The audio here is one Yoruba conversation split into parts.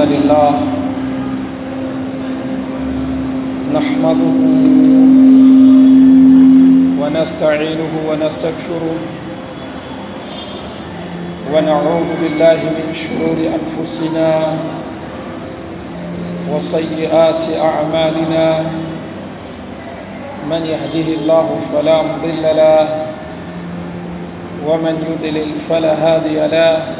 الحمد لله نحمده ونستعينه ونستكشره ونعوذ بالله من شرور أنفسنا وسيئات أعمالنا من يهده الله فلا مضل له ومن يضلل فلا هادي له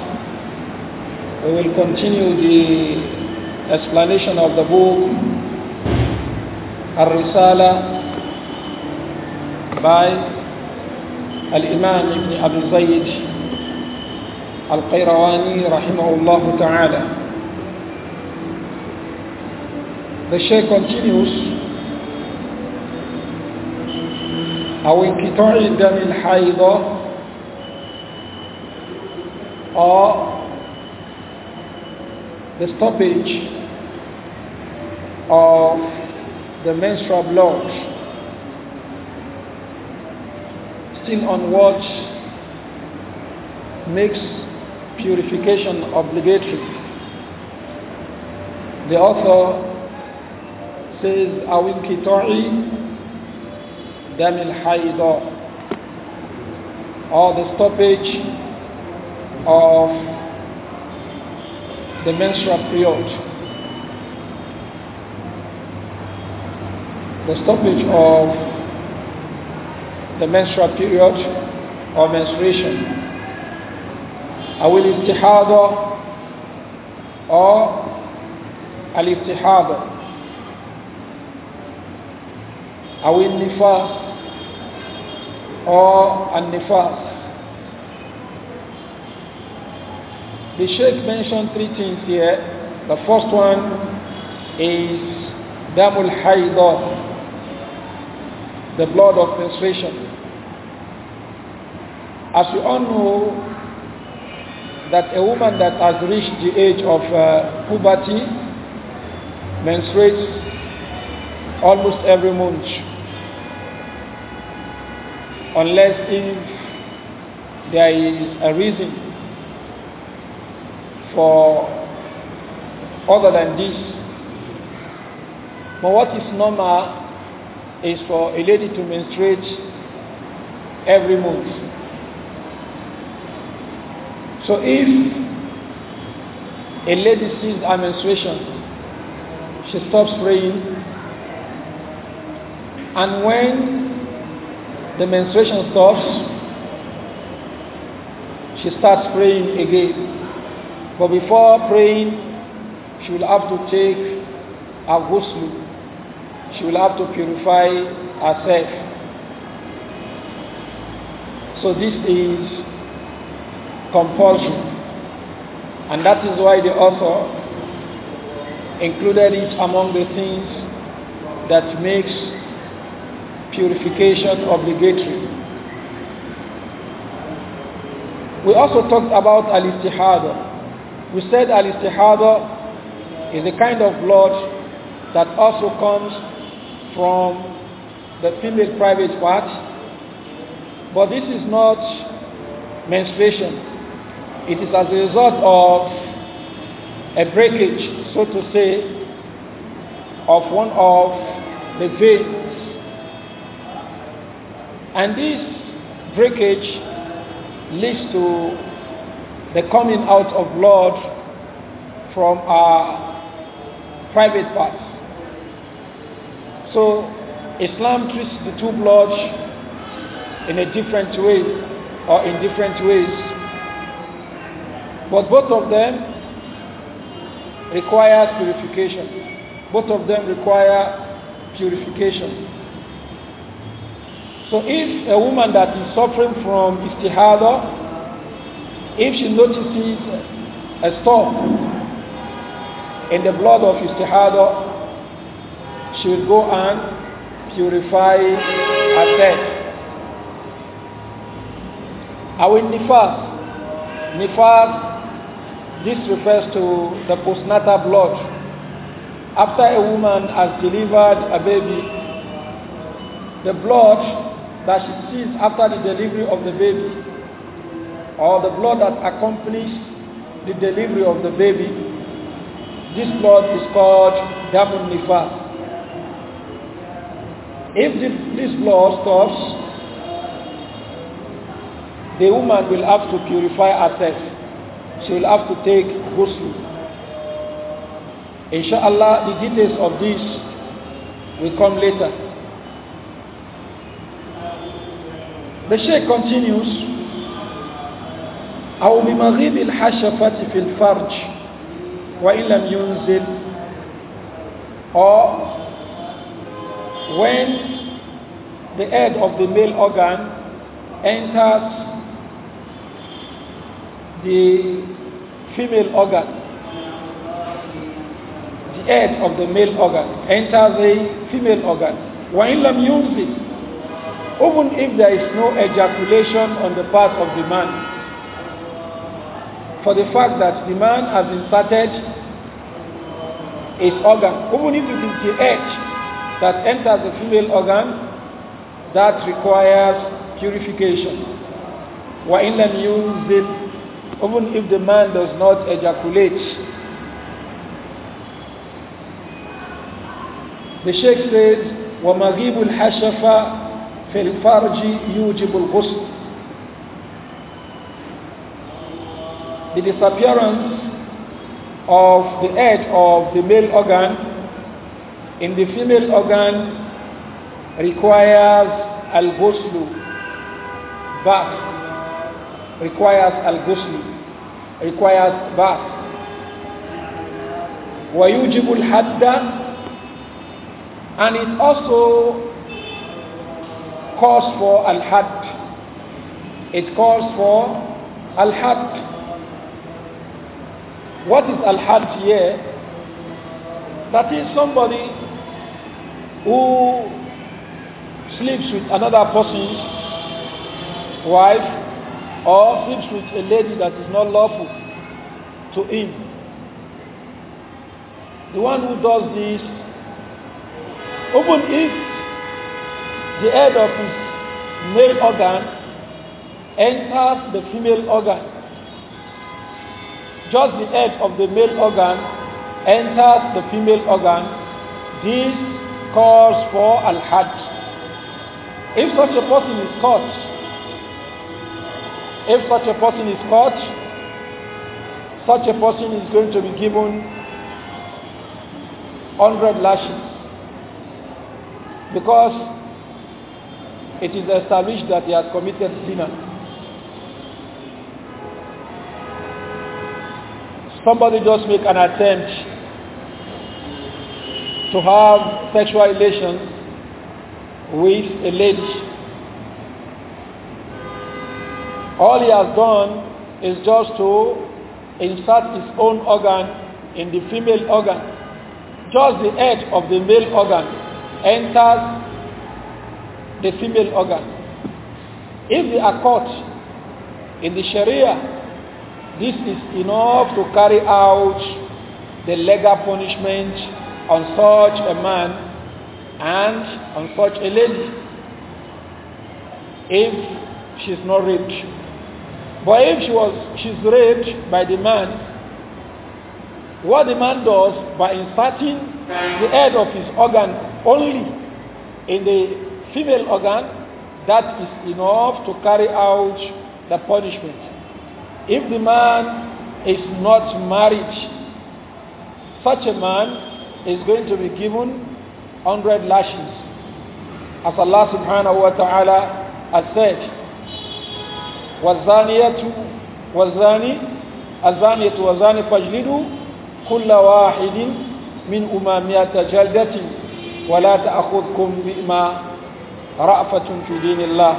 We will continue the explanation of the book Ar-Risala by Al-Imam Ibn Abi Zayd Al-Qayrawani rahimahullah ta'ala. The Shaykh continues أو انقطاع الدم الحيضة or the stoppage of the menstrual blood still on what makes purification obligatory. The author says "Awin انقطاع damil الحيض or the stoppage of the menstrual period. The stoppage of the menstrual period or menstruation. أو الاستحاضة أو awil أو or أو النفاس The Sheikh mentioned three things here. The first one is Damul Haidah, the blood of menstruation. As we all know, that a woman that has reached the age of uh, puberty menstruates almost every month unless if there is a reason for other than this. But what is normal is for a lady to menstruate every month. So if a lady sees her menstruation, she stops praying. And when the menstruation stops, she starts praying again. But before praying, she will have to take a ghusl. She will have to purify herself. So this is compulsion. And that is why the author included it among the things that makes purification obligatory. We also talked about al-istihada, we said al-istihada is a kind of blood that also comes from the female private part, but this is not menstruation. It is as a result of a breakage, so to say, of one of the veins. And this breakage leads to the coming out of blood from our private parts. So Islam treats the two bloods in a different way or in different ways. But both of them requires purification. Both of them require purification. So if a woman that is suffering from istihada if she notices a storm in the blood of istihada, she will go and purify herself. Our nifas, nifas, this refers to the postnatal blood. After a woman has delivered a baby, the blood that she sees after the delivery of the baby or the blood that accompanies the delivery of the baby, this blood is called damun nifas. If this blood stops, the woman will have to purify herself. She will have to take ghusl. Inshallah, the details of this will come later. The Sheikh continues أو بمغيب الحشفة في الفرج or when the head of the male organ enters the female organ the head of the male organ enters the female organ وإن لم ينزل even if there is no ejaculation on the part of the man for the fact that the man has inserted his organ. Even if it is the edge that enters the female organ, that requires purification. Why then use it Even if the man does not ejaculate. The Sheikh says, وَمَغِيبُ الْحَشَفَ فِي الْفَرْجِ يُوجِبُ الْغُسْلِ the disappearance of the head of the male organ in the female organ requires al-ghuslu bath requires al-ghuslu requires bath ويوجب الحد and it also calls for al-had it calls for al-had What is al-hajj here? That is somebody who sleeps with another person's wife or sleeps with a lady that is not lawful to him. The one who does this, even if the head of his male organ enters the female organ, just the head of the male organ enters the female organ, this calls for al-hajj. If such a person is caught, if such a person is caught, such a person is going to be given 100 lashes because it is established that he has committed zina. somebody just make an attempt to have sexual relations with a lady. All he has done is just to insert his own organ in the female organ. Just the head of the male organ enters the female organ. If they are caught in the Sharia this is enough to carry out the legal punishment on such a man and on such a lady if she's not raped. But if she was, she's raped by the man, what the man does by inserting the head of his organ only in the female organ, that is enough to carry out the punishment. If the man is not married, such a man is going to be given 100 lashes. As Allah subhanahu wa ta'ala has said, وَالزَّانِيَةُ وَالزَّانِي الزَّانِيَةُ وَالزَّانِي فَاجْلِدُوا كُلَّ وَاحِدٍ مِنْ أُمَامِيَةَ جَلْدَةٍ وَلَا تَأْخُذْكُمْ بِمَا رَأْفَةٌ فِي دِينِ اللَّهِ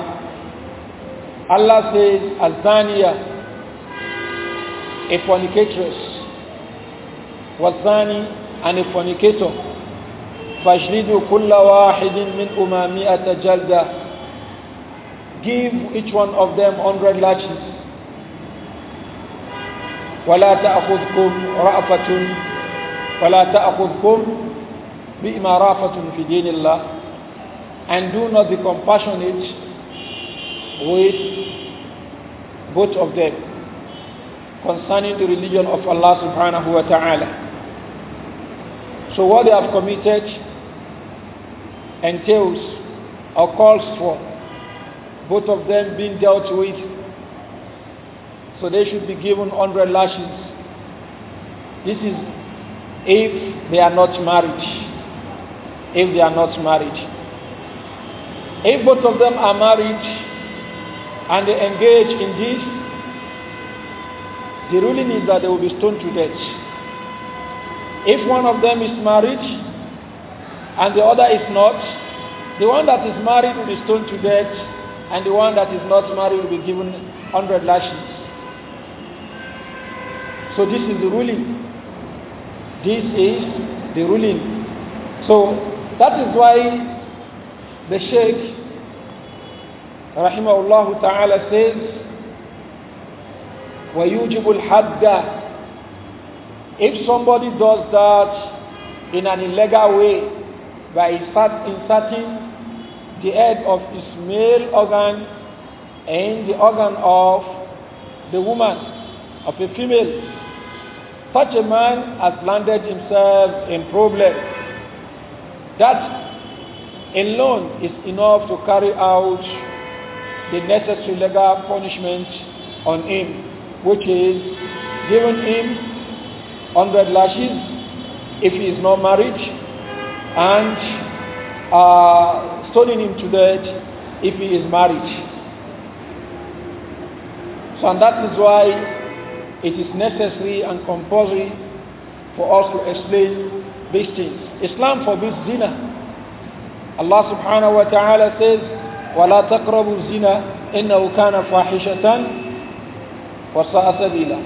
Allah says, الزَّانِيَةُ a fornicatress والثاني and a fornicator فاجلدوا كل واحد من مئة جلدة give each one of them 100 lashes ولا تأخذكم رأفة ولا تأخذكم بما رأفة في دين الله and do not be compassionate with both of them concerning the religion of Allah subhanahu wa ta'ala. So what they have committed entails or calls for both of them being dealt with. So they should be given 100 lashes. This is if they are not married. If they are not married. If both of them are married and they engage in this, the ruling is that they will be stoned to death. If one of them is married and the other is not, the one that is married will be stoned to death and the one that is not married will be given 100 lashes. So this is the ruling. This is the ruling. So that is why the Sheikh Rahimahullah Ta'ala says وَيُوجِبُ الْحَدَّ If somebody does that in an illegal way by inserting the head of his male organ in the organ of the woman, of a female, such a man has landed himself in problem. That alone is enough to carry out the necessary legal punishment on him which is given him 100 lashes if he is not married and uh, stoning him to death if he is married. So and that is why it is necessary and compulsory for us to explain these things. Islam forbids zina. Allah subhanahu wa ta'ala says, وَلَا تَقْرَبُوا الزِّنَا إِنَّهُ كَانَ فَاحِشَةً سبيلا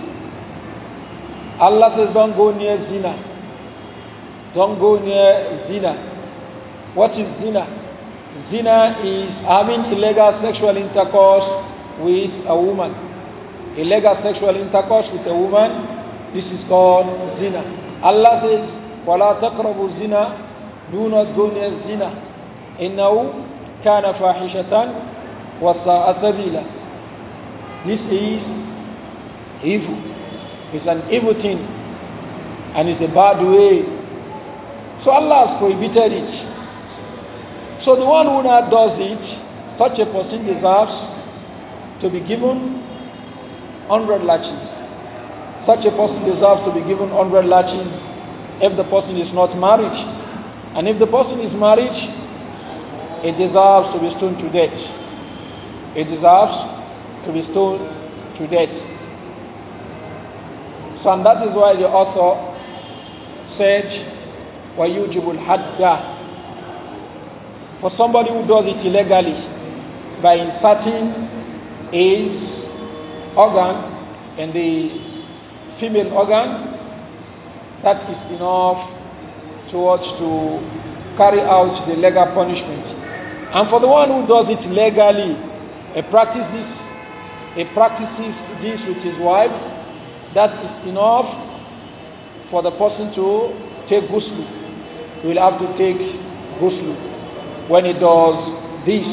Allah says don't go near zina don't go near zina what is zina zina is having illegal sexual intercourse with a woman illegal sexual intercourse with a woman this is called zina Allah says ولا تقربوا zina do not go near zina إنه كان فاحشة وساء سبيلا this is evil. It's an evil thing and it's a bad way. So Allah has prohibited it. So the one who now does it, such a person deserves to be given 100 lashes. Such a person deserves to be given 100 lashes if the person is not married. And if the person is married, it deserves to be stoned to death. It deserves to be stoned to death and that is why the author said, وَيُجِبُ الْحَدَّ For somebody who does it illegally, by inserting his organ in the female organ, that is enough towards to carry out the legal punishment. And for the one who does it legally, he practices, he practices this with his wife, that is enough for the person to take ghusl. He will have to take ghusl when he does this.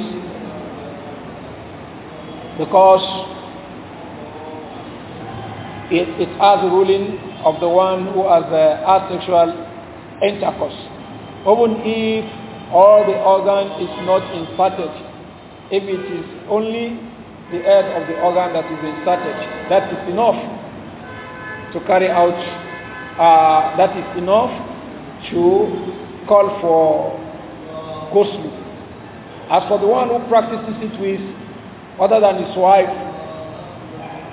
Because it, it has ruling of the one who has a asexual intercourse. Even if all the organ is not inserted, if it is only the head of the organ that is inserted, that is enough to carry out uh, that is enough to call for uh, ghostly. As for the one who practices it with other than his wife,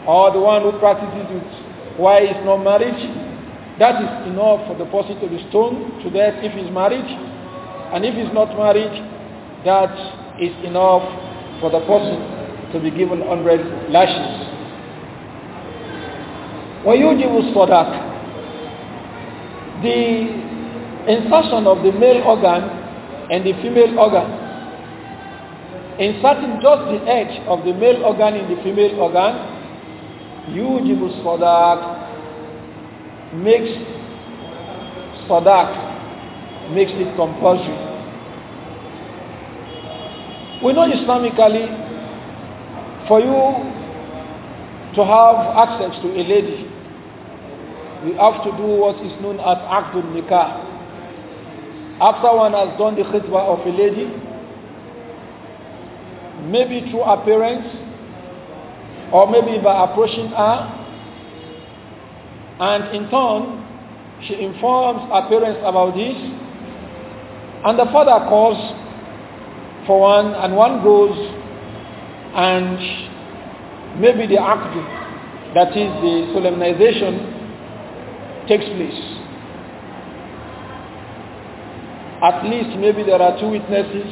or the one who practices it while he's not married, that is enough for the person to be stoned to death if he's married. And if he's not married, that is enough for the person to be given 100 lashes. وَيُجِبُ الصَّدَاقَ The insertion of the male organ and the female organ. Inserting just the edge of the male organ in the female organ, for that makes sadaq makes it compulsory. We know Islamically, for you to have access to a lady, we have to do what is known as Akdul Nikah. After one has done the khitbah of a lady, maybe through her parents, or maybe by approaching her, and in turn, she informs her parents about this, and the father calls for one, and one goes, and maybe the akdu, that is the solemnization takes place. At least maybe there are two witnesses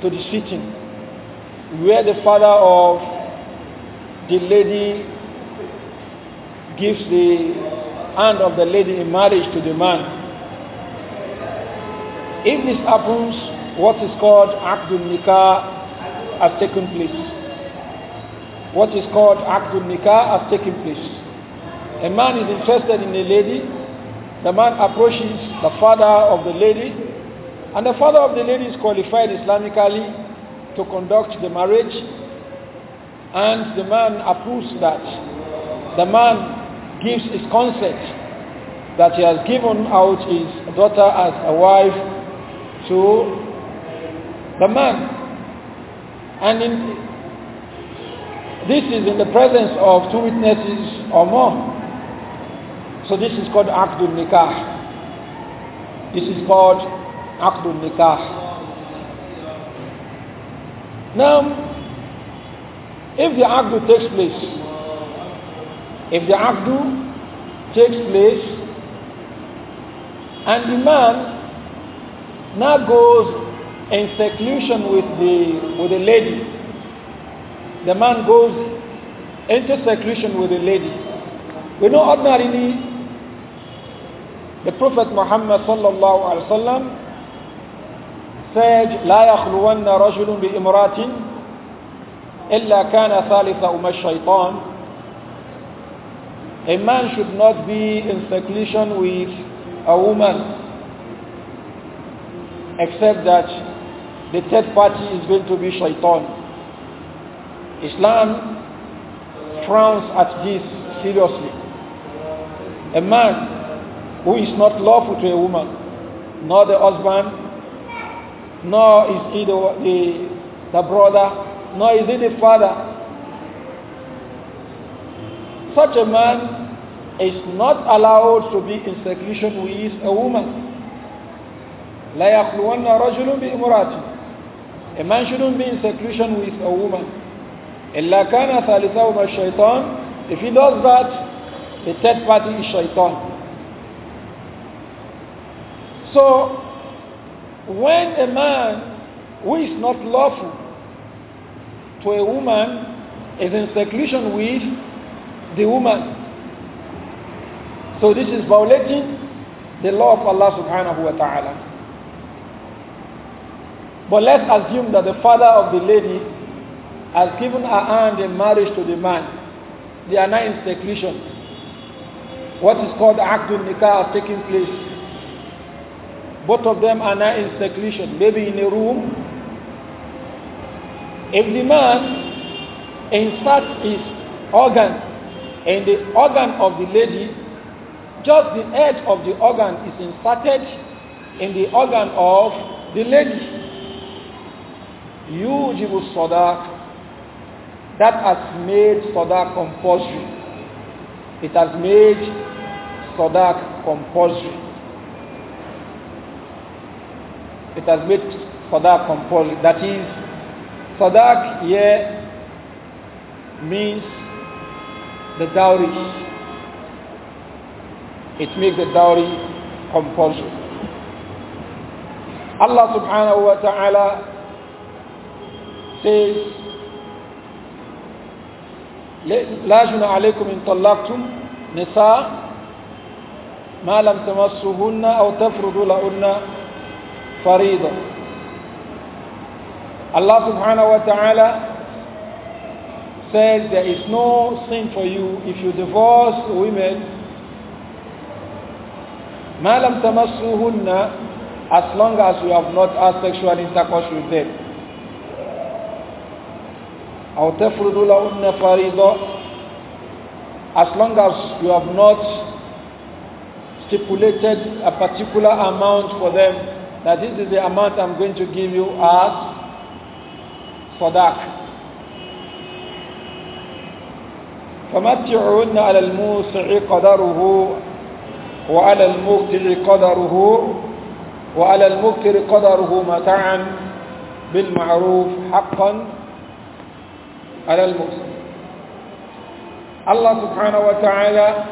to the sitting where the father of the lady gives the hand of the lady in marriage to the man. If this happens, what is called Akdul Nikah has taken place. What is called Akdul Nikah has taken place. A man is interested in a lady. The man approaches the father of the lady. And the father of the lady is qualified Islamically to conduct the marriage. And the man approves that. The man gives his consent that he has given out his daughter as a wife to the man. And in, this is in the presence of two witnesses or more. So this is called Akdul Nikah. This is called Akdul Nikah. Now, if the Akdu takes place, if the Akdu takes place and the man now goes in seclusion with the, with the lady, the man goes into seclusion with the lady, we know ordinarily the Prophet Muhammad sallallahu alaihi wasallam said, "لا يخلون رجل بإمراتٍ إلا كان ثالث أم الشيطان." A man should not be in seclusion with a woman except that the third party is going to be shaitan. Islam frowns at this seriously. A man who is not lawful to a woman, nor the husband, nor is he the, the, the brother, nor is he the father. Such a man is not allowed to be in seclusion with a woman. لا يخلون رجل بامرأته a man shouldn't be in seclusion with a woman. إلا كان ثالثهما الشيطان. If he does that, the third party is shaitan. So, when a man who is not lawful to a woman is in seclusion with the woman, so this is violating the law of Allah subhanahu wa ta'ala. But let's assume that the father of the lady has given her hand in marriage to the man. They are not in seclusion. What is called Akdul Nikah has taken place. Both of them are now in seclusion, maybe in a room. If the man inserts his organ in the organ of the lady, just the edge of the organ is inserted in the organ of the lady. Yujibu Sadaq, that has made Sadaq compulsory. It has made Sadaq compulsory. it has made Sadaq compulsory. That is, Sadaq here means the dowry. It makes the dowry compulsory. Allah subhanahu wa ta'ala says, لا جنى عليكم إن طلقتم نساء ما لم تمسوهن أو تفرضوا لهن فريضة Allah subhanahu wa ta'ala says there is no sin for you if you divorce women ما لم تمسوهن as long as you have not had sexual intercourse with them أو تفرضوا لهن فريضة as long as you have not stipulated a particular amount for them that this is the amount I'm going to give you as sadaq. فمتعهن على الموسع قدره وعلى المبتع قدره وعلى المبتر قدره متاعا بالمعروف حقا على المقصد الله سبحانه وتعالى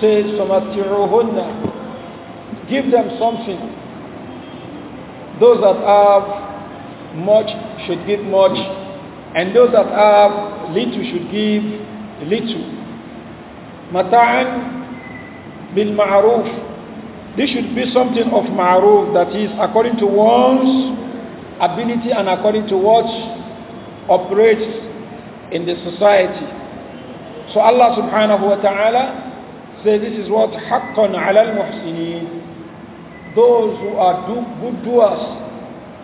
says فمتعوهن Give them something. Those that have much should give much. And those that have little should give little. Mata'an bil ma'aruf. This should be something of ma'aruf that is according to one's ability and according to what operates in the society. So Allah subhanahu wa ta'ala says this is what haqqan ala al-muhsineen those who are do, good doers,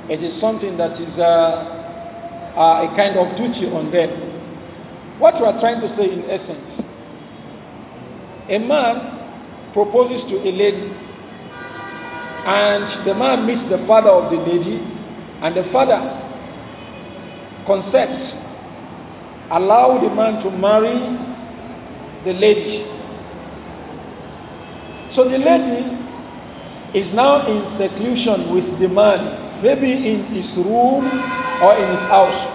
it is something that is a, uh, uh, a kind of duty on them. What we are trying to say in essence, a man proposes to a lady and the man meets the father of the lady and the father consents allow the man to marry the lady so the lady is now in seclusion with the man, maybe in his room or in his house.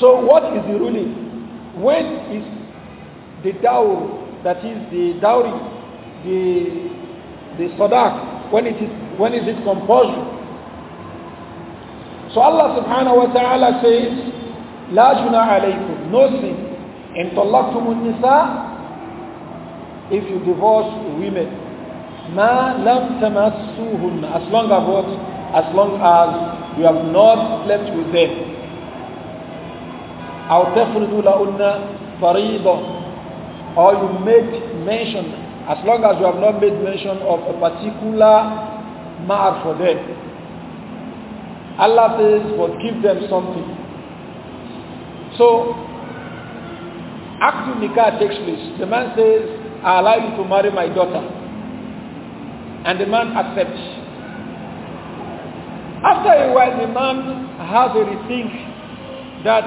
So what is the ruling? When is the dow that is the dowry, the, the sadaq, when, it is, when is it compulsory? So Allah subhanahu wa ta'ala says, لا جناح عليكم, no sin. إن طلقتم nisa if you divorce women. Ma lam tamassuhun. As long as what? As long as you have not slept with them. أو تفرضوا لهن فريضة. Or you make mention, as long as you have not made mention of a particular ma'ar for them. Allah says, give them something. So, after nikah takes place, the man says, I allow you to marry my daughter. And the man accepts. After a while, the man has a rethink that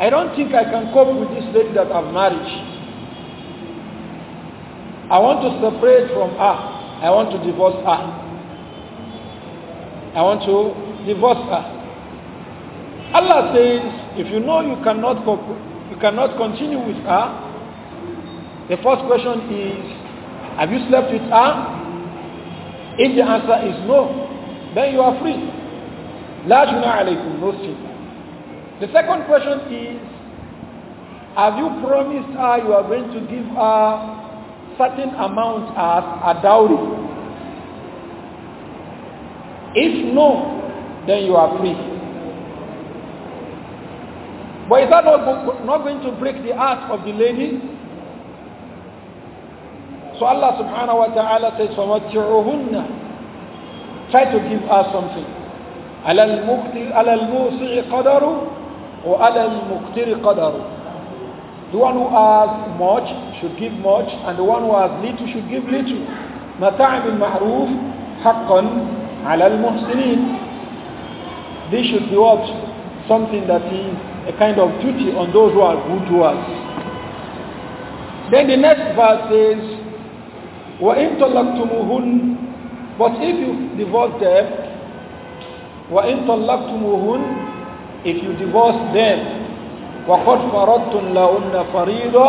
I don't think I can cope with this lady that I've married. I want to separate from her. I want to divorce her. I want to divorce her. Allah says, if you know you cannot, cope, you cannot continue with her, The first question is, have you slept with her? If the answer is no, then you are free. La juna alaykum, no sin. The second question is, have you promised her you are going to give her certain amount as a dowry? If no, then you are free. But is that not, not going to break the heart of the lady? So Allah subhanahu wa ta'ala says, فَمَتِّعُهُنَّ Try to give us something. عَلَى الْمُوسِعِ قَدَرُ وَعَلَى الْمُقْتِرِ قَدَرُ The one who has much should give much, and the one who has little should give little. مَتَعْ بِالْمَعْرُوفِ حَقًّا عَلَى الْمُحْسِنِينَ This should be what? Something that is a kind of duty on those who are good to us. Then the next verse says, وَإِن طَلَّقْتُمُوهُنَّ But if you divorce them, وَإِن طَلَّقْتُمُوهُنَّ If you divorce them, وَقَدْ فَرَضْتُمْ لَهُنَّ فَرِيضًا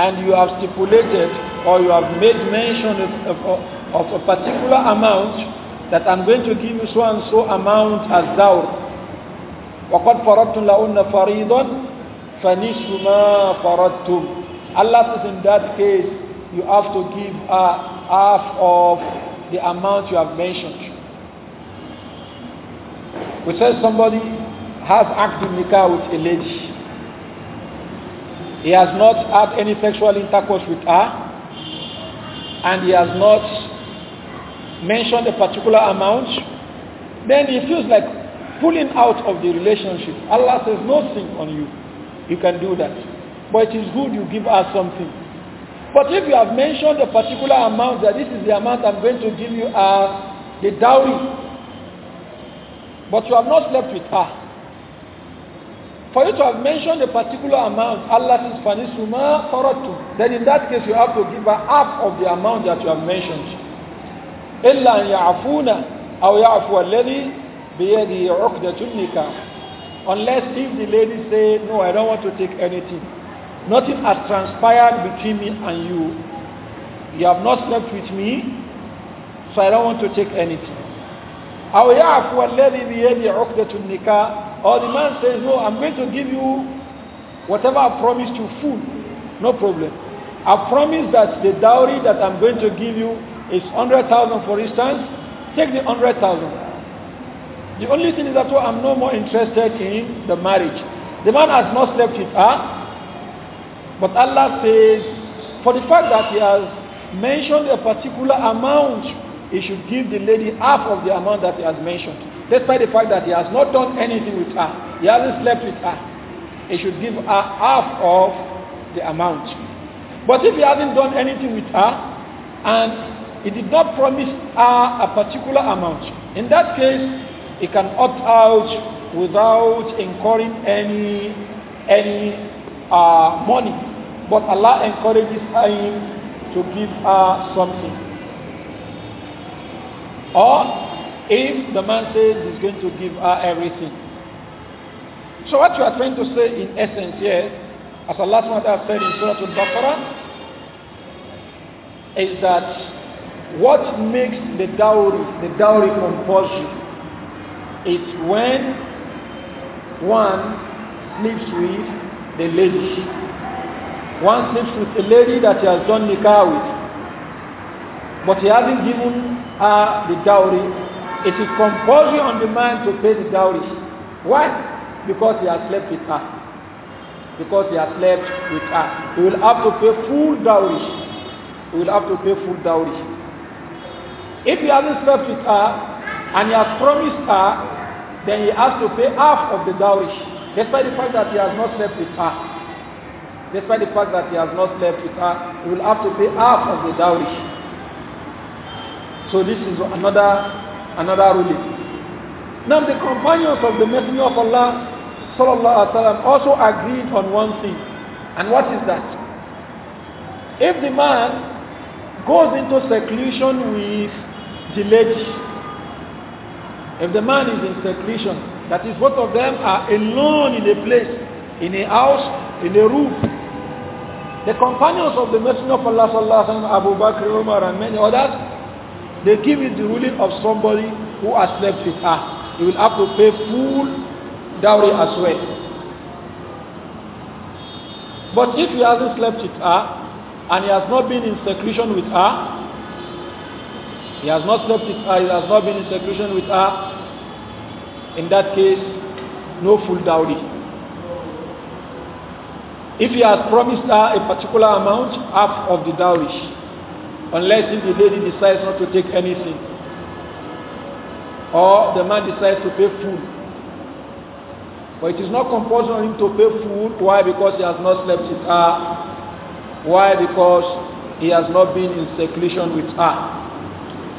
And you have stipulated or you have made mention of, of, of a particular amount that I'm going to give you so and so amount as dowry. وقد فرضتم لهن فريضا فنصف ما فرضتم Allah says in that case you have to give half of the amount you have mentioned. We said somebody has active nikah with a lady. He has not had any sexual intercourse with her and he has not mentioned a particular amount. Then he feels like pulling out of the relationship. Allah says no sin on you. You can do that. But it is good you give her something. But if you have mentioned a particular amount that this is the amount I'm going to give you as uh, the dowry, but you have not slept with her. For you to have mentioned a particular amount, Allah says, Fanisuma faratu. Then in that case, you have to give her half of the amount that you have mentioned. إلا أن يعفونا أو يعفو الذي بيده عقدة النكاح. Unless if the lady say, no, I don't want to take anything. Nothing has transpired between me and you. You have not slept with me, so I don't want to take anything. أو or the man says no I'm going to give you whatever I promised you food no problem I promise that the dowry that I'm going to give you is 100,000 for instance take the 100,000 the only thing is that well, I'm no more interested in the marriage the man has not slept with her But Allah says, for the fact that He has mentioned a particular amount, He should give the lady half of the amount that He has mentioned. Despite the fact that He has not done anything with her, He hasn't slept with her. He should give her half of the amount. But if He hasn't done anything with her, and He did not promise her a particular amount, in that case, He can opt out without incurring any any uh, money But Allah encourages him to give her something. Or if the man says he's going to give her everything. So what you are trying to say in essence here, as Allah has said in Surah Al-Baqarah, is that what makes the dowry, the dowry compulsory, is when one sleeps with the lady One sleeps with a lady that he has done nikah with, but he hasn't given her the dowry. It is compulsory on the man to pay the dowry. Why? Because he has slept with her. Because he has slept with her. He will have to pay full dowry. He will have to pay full dowry. If he hasn't slept with her and he has promised her, then he has to pay half of the dowry, despite the fact that he has not slept with her. Despite the fact that he has not slept with her, he will have to pay half of the dowry. So this is another another ruling. Now the companions of the Messenger of Allah sallallahu alaihi also agreed on one thing. And what is that? If the man goes into seclusion with the lady, if the man is in seclusion, that is both of them are alone in a place, in a house, in a room, The companions of the Messenger of Allah sallallahu alaihi wasallam, Abu Bakr, Umar and many others, they give it the ruling of somebody who has slept with her. He will have to pay full dowry as well. But if he hasn't slept with her and he has not been in seclusion with her, he has not slept with her, he has not been in seclusion with her, in that case, no full dowry. If he has promised her a particular amount, half of the dowry, unless if the lady decides not to take anything, or the man decides to pay full. But it is not compulsory on him to pay full. Why? Because he has not slept with her. Why? Because he has not been in seclusion with her.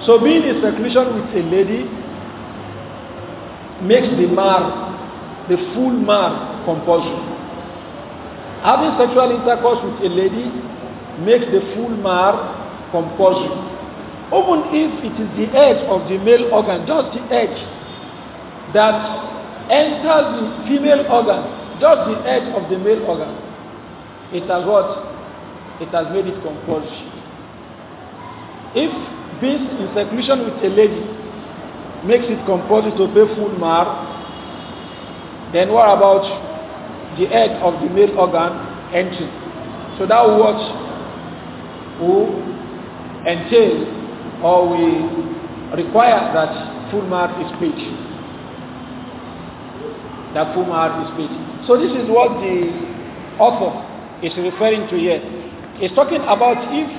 So being in seclusion with a lady makes the man, the full man, compulsory. Having sexual intercourse with a lady makes the full mar compulsory. Even if it is the edge of the male organ, just the edge that enters the female organ, just the edge of the male organ, it has what? It has made it compulsory. If being in seclusion with a lady makes it compulsory to pay full mar, then what about the head of the male organ enters, So that what will entail or we require that full mark is paid. That full mark is paid. So this is what the author is referring to here. He's talking about if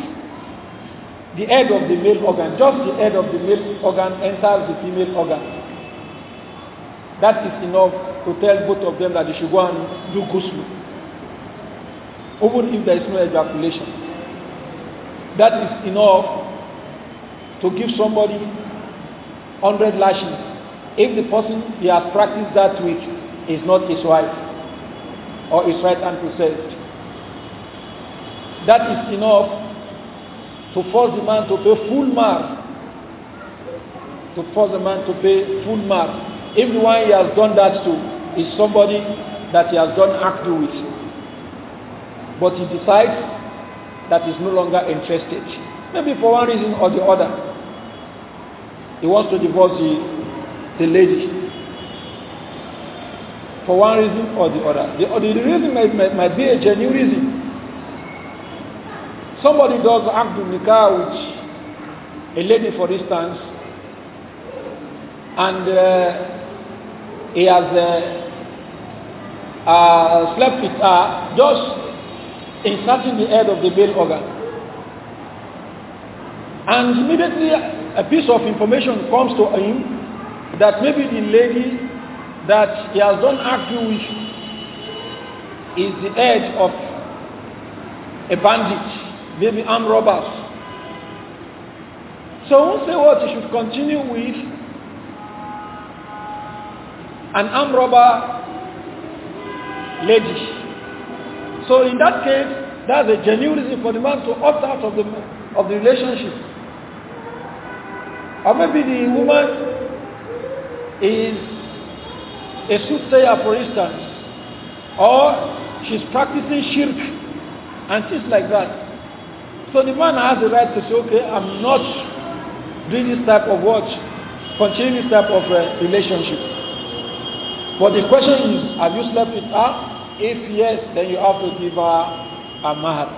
the head of the male organ, just the head of the male organ enters the female organ that is enough to tell both of them that they should go and do ghusl. Even if there is no ejaculation. That is enough to give somebody 100 lashes if the person he has practiced that with is not his wife or his right hand possessed. That is enough to force the man to pay full mark. To force the man to pay full mark If the one he has done that to is somebody that he has done act with, but he decides that he's no longer interested, maybe for one reason or the other, he wants to divorce the, the lady for one reason or the other. The, or the reason might, might, might be a genuine reason. Somebody does act akdu nikah with a lady, for instance, and uh, he has uh, uh, slept with her uh, just inserting the head of the male organ. And immediately a piece of information comes to him that maybe the lady that he has done argue with is the head of a bandit, maybe armed robbers. So who say what he should continue with an armed robber lady. So in that case, that's a genuine reason for the man to opt out of the, of the relationship. Or maybe the woman is a soothsayer, for instance, or she's practicing shirk and things like that. So the man has the right to say, okay, I'm not doing this type of what, continuing this type of uh, relationship. But the question is, have you slept with her? If yes, then you have to give her a mahar.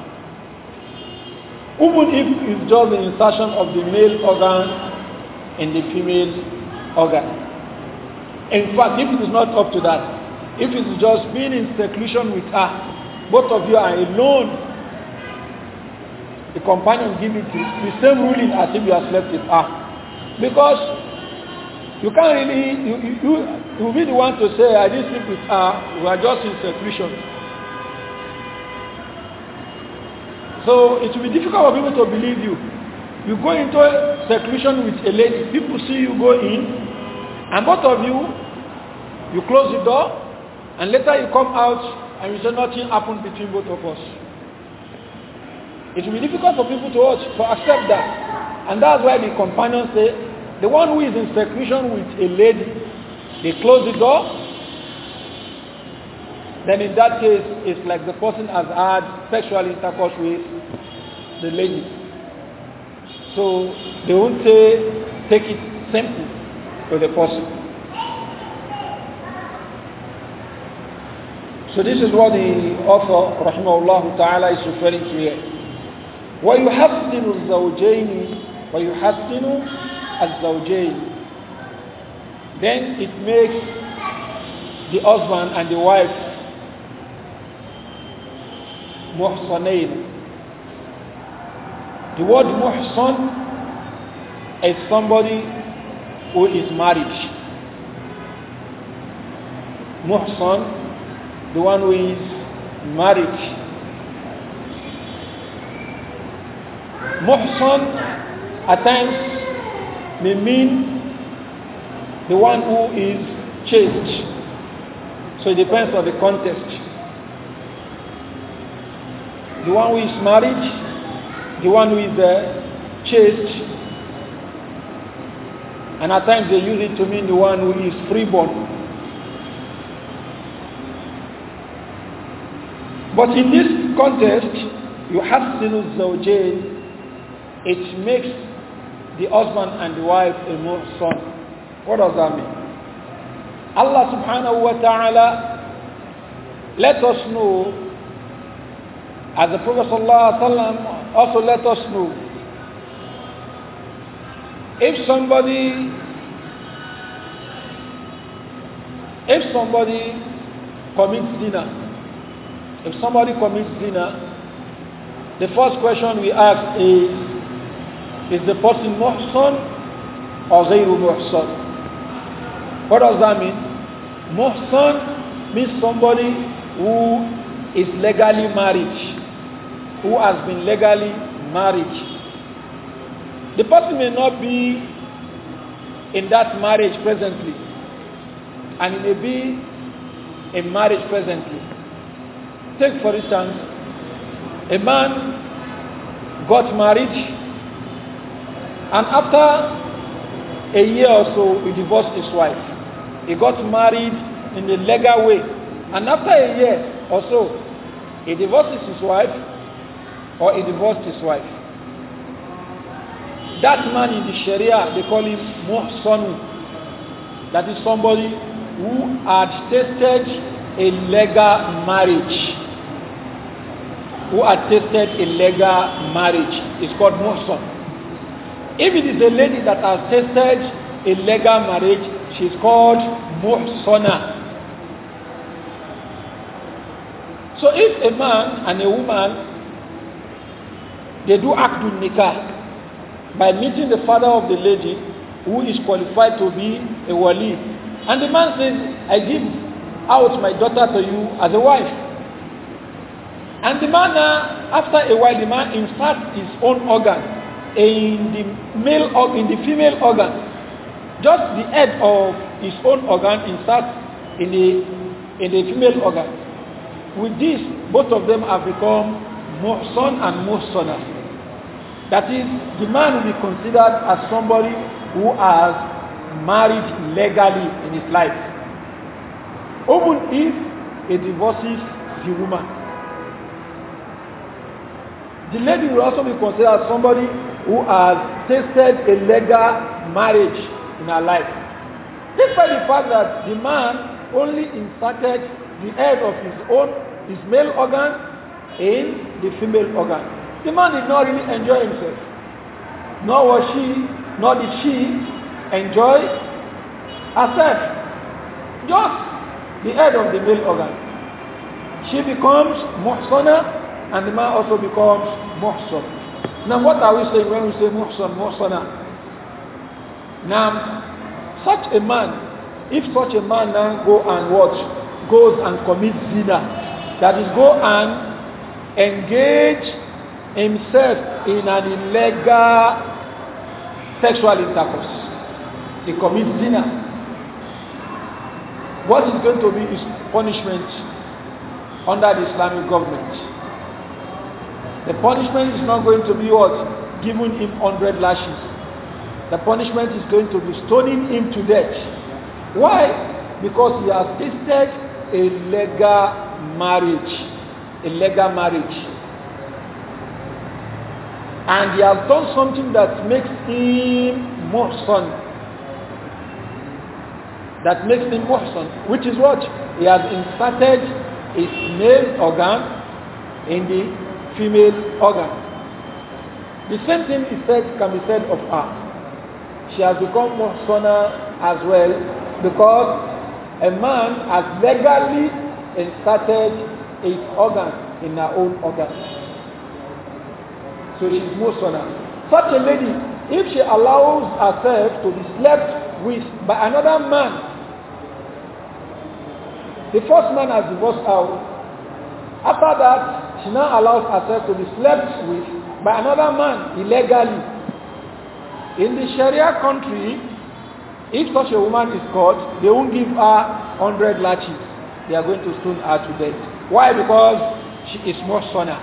Even if it's just the insertion of the male organ in the female organ. In fact, if it is not up to that, if it's just being in seclusion with her, both of you are alone, the companion give it the same ruling as if you have slept with her. Because you can't really, you, you, you will be the one to say, I didn't sleep with her, we are just in seclusion. So it will be difficult for people to believe you. You go into seclusion with a lady, people see you go in, and both of you, you close the door, and later you come out and you say nothing happened between both of us. It will be difficult for people to watch, to accept that. And that's why the companions say, the one who is in seclusion with a lady They close the door, then in that case, it's like the person has had sexual intercourse with the lady. So they won't say, take it simple for the person. So this is what the author, rahimahullah ta'ala, is referring to here. وَيُحَسِّنُ الزَّوْجَيْنِ وَيُحَسِّنُ الزَّوْجَيْنِ then it makes the husband and the wife muhsanain. The word muhsan is somebody who is married. Muhsan, the one who is married. Muhsan at times may mean the one who is chaste. So it depends on the context. The one who is married, the one who is uh, chaste, and at times they use it to mean the one who is freeborn. But in this context, you have يحسن الزوجين it makes the husband and the wife a more son. What does that mean? Allah subhanahu wa ta'ala let us know, as the Prophet sallallahu also let us know, if somebody, if somebody commits dinner, if somebody commits dinner, the first question we ask is, is the person muhsan or غير muhsan? What does that mean? Muhsan means somebody who is legally married, who has been legally married. The person may not be in that marriage presently, and he may be in marriage presently. Take for instance, a man got married, and after a year or so, he divorced his wife. He got married in a legal way. And after a year or so, he divorces his wife or he divorced his wife. That man in the Sharia, they call him Muhsanu. That is somebody who had tasted a legal marriage. Who had tasted a legal marriage. It's called Muhsan. If it is a lady that has tasted a legal marriage, she is called muhsana so if a man and a woman they do akdun nikah by meeting the father of the lady who is qualified to be a wali and the man says i give out my daughter to you as a wife and the man uh, after a while the man inserts his own organ in the male or in the female organ just the head of his own organ insert in the in the female organ with this both of them have become son and muhsana that is the man will be considered as somebody who has married legally in his life even if he divorces the woman the lady will also be considered as somebody who has tasted a legal marriage in our life. Despite the fact that the man only inserted the head of his own, his male organ, in the female organ. The man did not really enjoy himself. Nor was she, nor did she enjoy herself. Just the head of the male organ. She becomes muhsana and the man also becomes muhsan. Now what are we saying when we say muhsan, muhsana? Now, such a man, if such a man now go and watch, goes and commits zina, that is, go and engage himself in an illegal sexual intercourse. He commits zina. What is going to be his punishment under the Islamic government? The punishment is not going to be what? Giving him 100 lashes The punishment is going to be stoning him to death. Why? Because he assisted a legal marriage. A legal marriage. And he has done something that makes him muhsan. That makes him muhsan. Which is what? He has inserted his male organ in the female organ. The same thing is said, can be said of her. she has become more Muhsana as well because a man has legally inserted his organ in her own organ. So she is more Muhsana. Such a lady, if she allows herself to be slept with by another man, the first man has divorced her. After that, she now allows herself to be slept with by another man illegally. In the Sharia country, if such a woman is caught, they won't give her hundred lashes. They are going to stone her to death. Why? Because she is muhsana.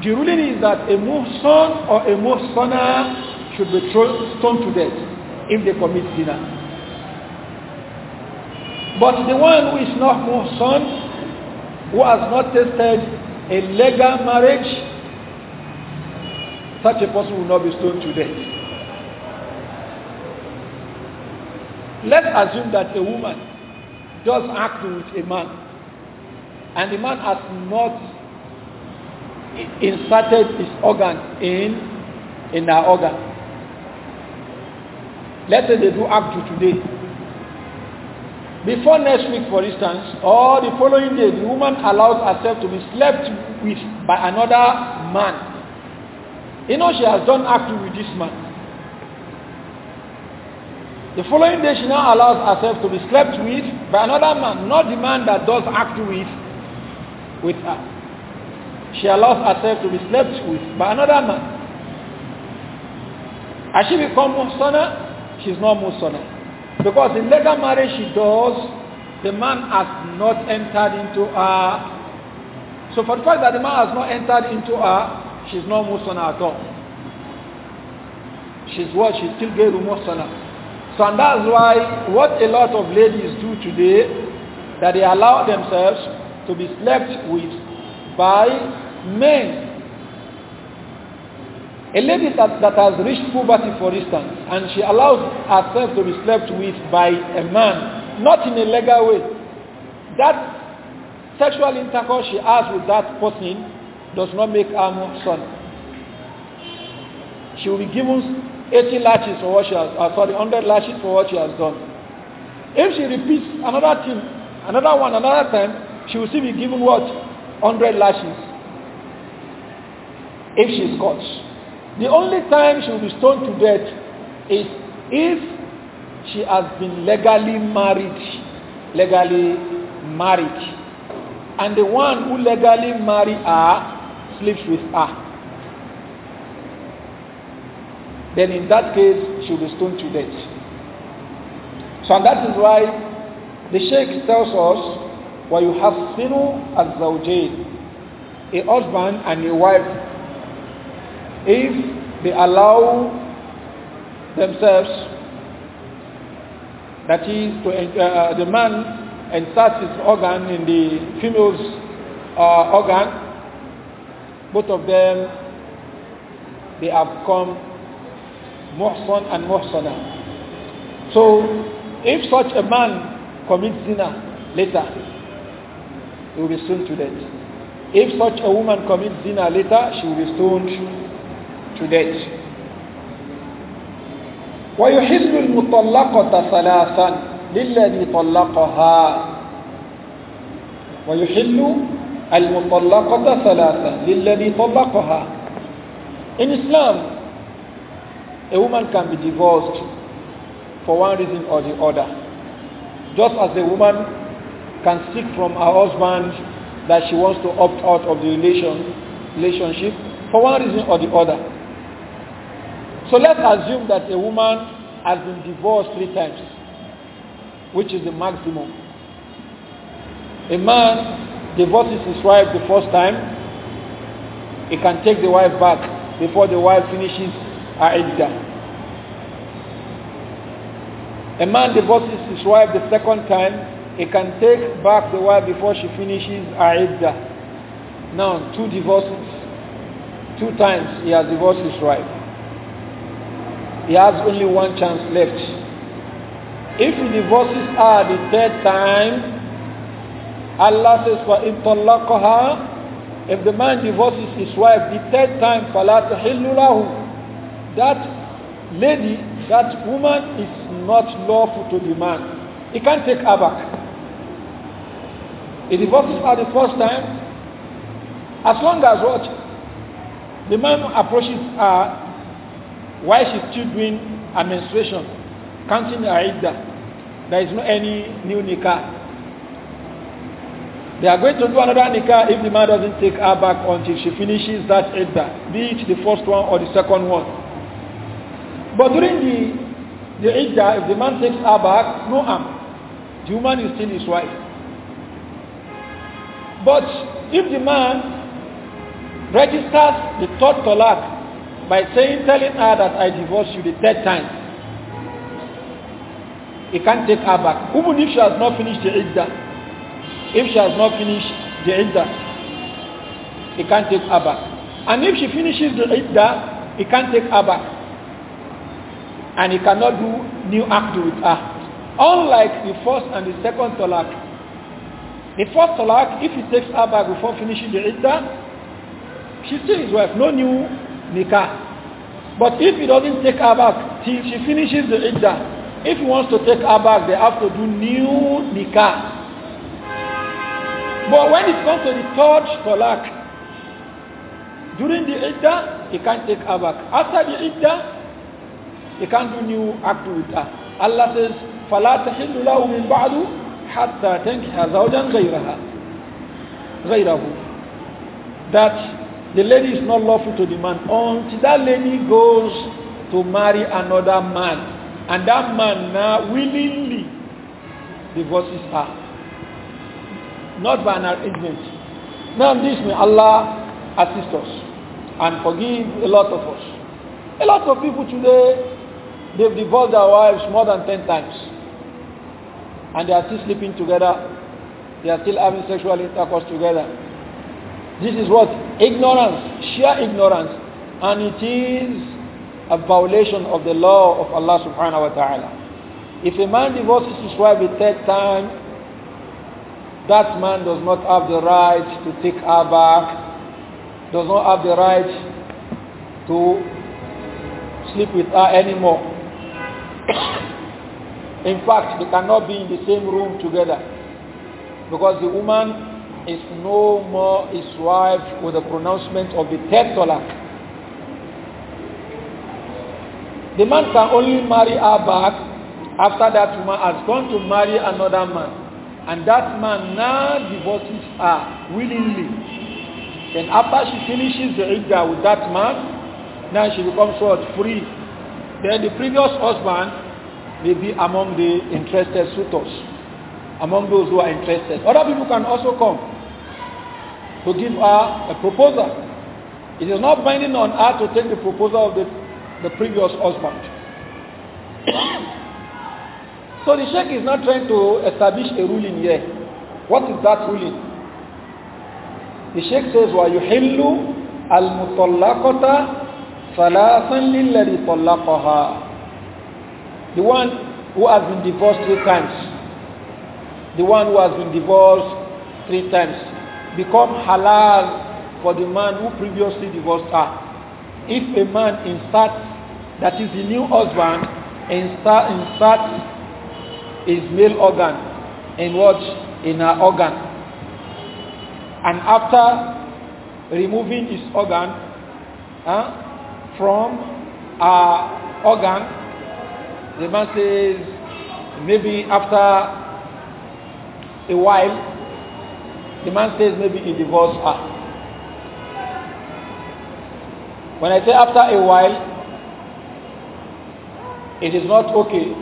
The ruling is that a muhsan or a muhsana should be stoned to death if they commit zina. But the one who is not muhsan, who has not tested a legal marriage, such a person will not be stoned to death. Let's assume that a woman does act with a man, and the man has not inserted his organ in in her organ. Let's say they do act today. Before next week, for instance, or the following day, the woman allows herself to be slept with by another man. You know she has done act with this man The following day, she now allows herself to be slept with by another man, not the man that does act with, with her. She allows herself to be slept with by another man. Has she become Musana? She's not Musana. Because in later marriage she does, the man has not entered into her. So for the fact that the man has not entered into her, she's not Musana at all. She's what? She's still Geru Musana. So and that's why what a lot of ladies do today, that they allow themselves to be slept with by men. A lady that, that has reached puberty, for instance, and she allows herself to be slept with by a man, not in a legal way. That sexual intercourse she has with that person does not make her son. She will be given 80 lashes for what she has, uh, sorry, 100 lashes for what she has done. If she repeats another thing, another one, another time, she will still be given what? 100 lashes. If she is caught. The only time she will be stoned to death is if she has been legally married. Legally married. And the one who legally marry her sleeps with her. then in that case she'll be stoned to death. So and that is why the Sheikh tells us why you have sinu as a husband and a wife, if they allow themselves, that is, to, uh, uh, the man inserts his organ in the female's uh, organ, both of them, they have come muhsan and muhsana. So if such a man commits zina later, he will be stoned to death. If such a woman commits zina later, she will be stoned to death. ويحل المطلقة ثلاثا للذي طلقها ويحل المطلقة ثلاثا للذي طلقها In Islam, A woman can be divorced for one reason or the other. Just as a woman can seek from her husband that she wants to opt out of the relation, relationship for one reason or the other. So let's assume that a woman has been divorced three times, which is the maximum. A man divorces his wife the first time, he can take the wife back before the wife finishes عدة. A man divorces his wife the second time, he can take back the wife before she finishes Aida. Now, two divorces. Two times he has divorced his wife. He has only one chance left. If he divorces her the third time, Allah says, فَإِنْ If the man divorces his wife the third time, فَلَا تَحِلُّ لَهُ that lady, that woman is not lawful to the man. He can't take her back. He divorces her the first time. As long as what? The man approaches her while she's still doing her menstruation, counting her ida, There is no any new nikah. They are going to do another nikah if the man doesn't take her back until she finishes that ida, be it the first one or the second one. But during the, the if the man takes her back, no harm. The woman is still his wife. But if the man registers the third talak by saying, telling her that I divorce you the third time, he can't take her back. Even if she has not finished the idda, if she has not finished the idda, he can't take her back. And if she finishes the idda, he can't take her back. and he cannot do new act with her. Unlike the first and the second talak. The first talak, if he takes her back before finishing the iddah, she still his wife, no new nikah. But if he doesn't take her back till she finishes the iddah, if he wants to take her back, they have to do new nikah. But when it comes to the third talak, during the iddah, he can't take her back. After the iddah, They can't do new act with her. Allah says, فَلَا تَحِلُّ لَهُ مِنْ بَعْدُ حَتَّى تَنْكِحَ زَوْجًا غَيْرَهَا غَيْرَهُ That the lady is not lawful to the man until that lady goes to marry another man. And that man now willingly divorces her. Not by an arrangement. Now this may Allah assist us and forgive a lot of us. A lot of people today They've divorced their wives more than 10 times. And they are still sleeping together. They are still having sexual intercourse together. This is what? Ignorance, sheer ignorance. And it is a violation of the law of Allah subhanahu wa ta'ala. If a man divorces his wife a third time, that man does not have the right to take her back, does not have the right to sleep with her anymore. In fact, they cannot be in the same room together because the woman is no more his wife with the pronouncement of the third talak. The man can only marry her back after that woman has gone to marry another man. And that man now divorces her willingly. Then after she finishes the iddah with that man, now she becomes what? Free Then the previous husband may be among the interested suitors, among those who are interested. Other people can also come to give her a proposal. It is not binding on her to take the proposal of the, the previous husband. so the sheikh is not trying to establish a ruling here. What is that ruling? The sheikh says, وَيُحِلُّ الْمُطَلَّقَةَ Salasan lilladhi talaqaha. The one who has been divorced three times. The one who has been divorced three times. Become halal for the man who previously divorced her. If a man insert that is the new husband, insert, insert his male organ in what? In her organ. And after removing his organ, huh, from uh, organ. The man says maybe after a while, the man says maybe he divorced her. When I say after a while, it is not okay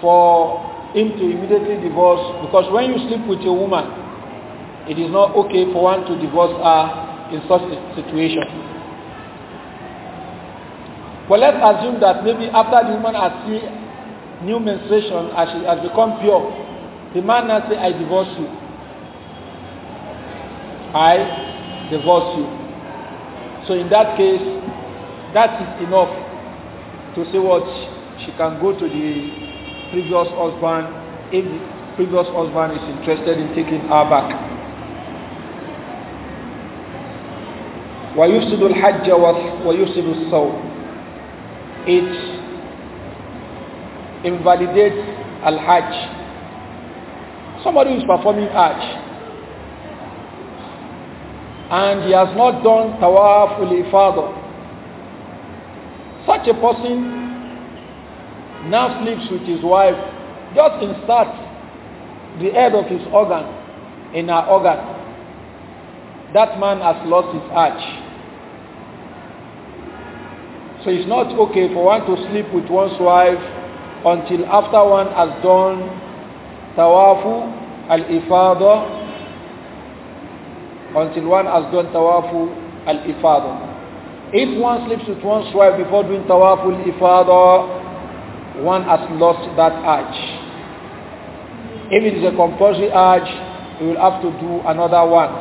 for him to immediately divorce because when you sleep with a woman, it is not okay for one to divorce her in such a situation. But let's assume that maybe after the woman has seen new menstruation as she has become pure, the man now say, I divorce you. I divorce you. So in that case, that is enough to say what she can go to the previous husband if the previous husband is interested in taking her back. ويفسد الحج ويفسد الصوم it invalidates al-hajj. Somebody who is performing hajj and he has not done tawaf ul-ifadah. Such a person now sleeps with his wife, just inserts the head of his organ in her organ. That man has lost his hajj. So it's not okay for one to sleep with one's wife until after one has done tawafu al-ifada until one has done tawafu al-ifada. If one sleeps with one's wife before doing tawafu al-ifada, one has lost that hajj. If it is a compulsory hajj, you will have to do another one.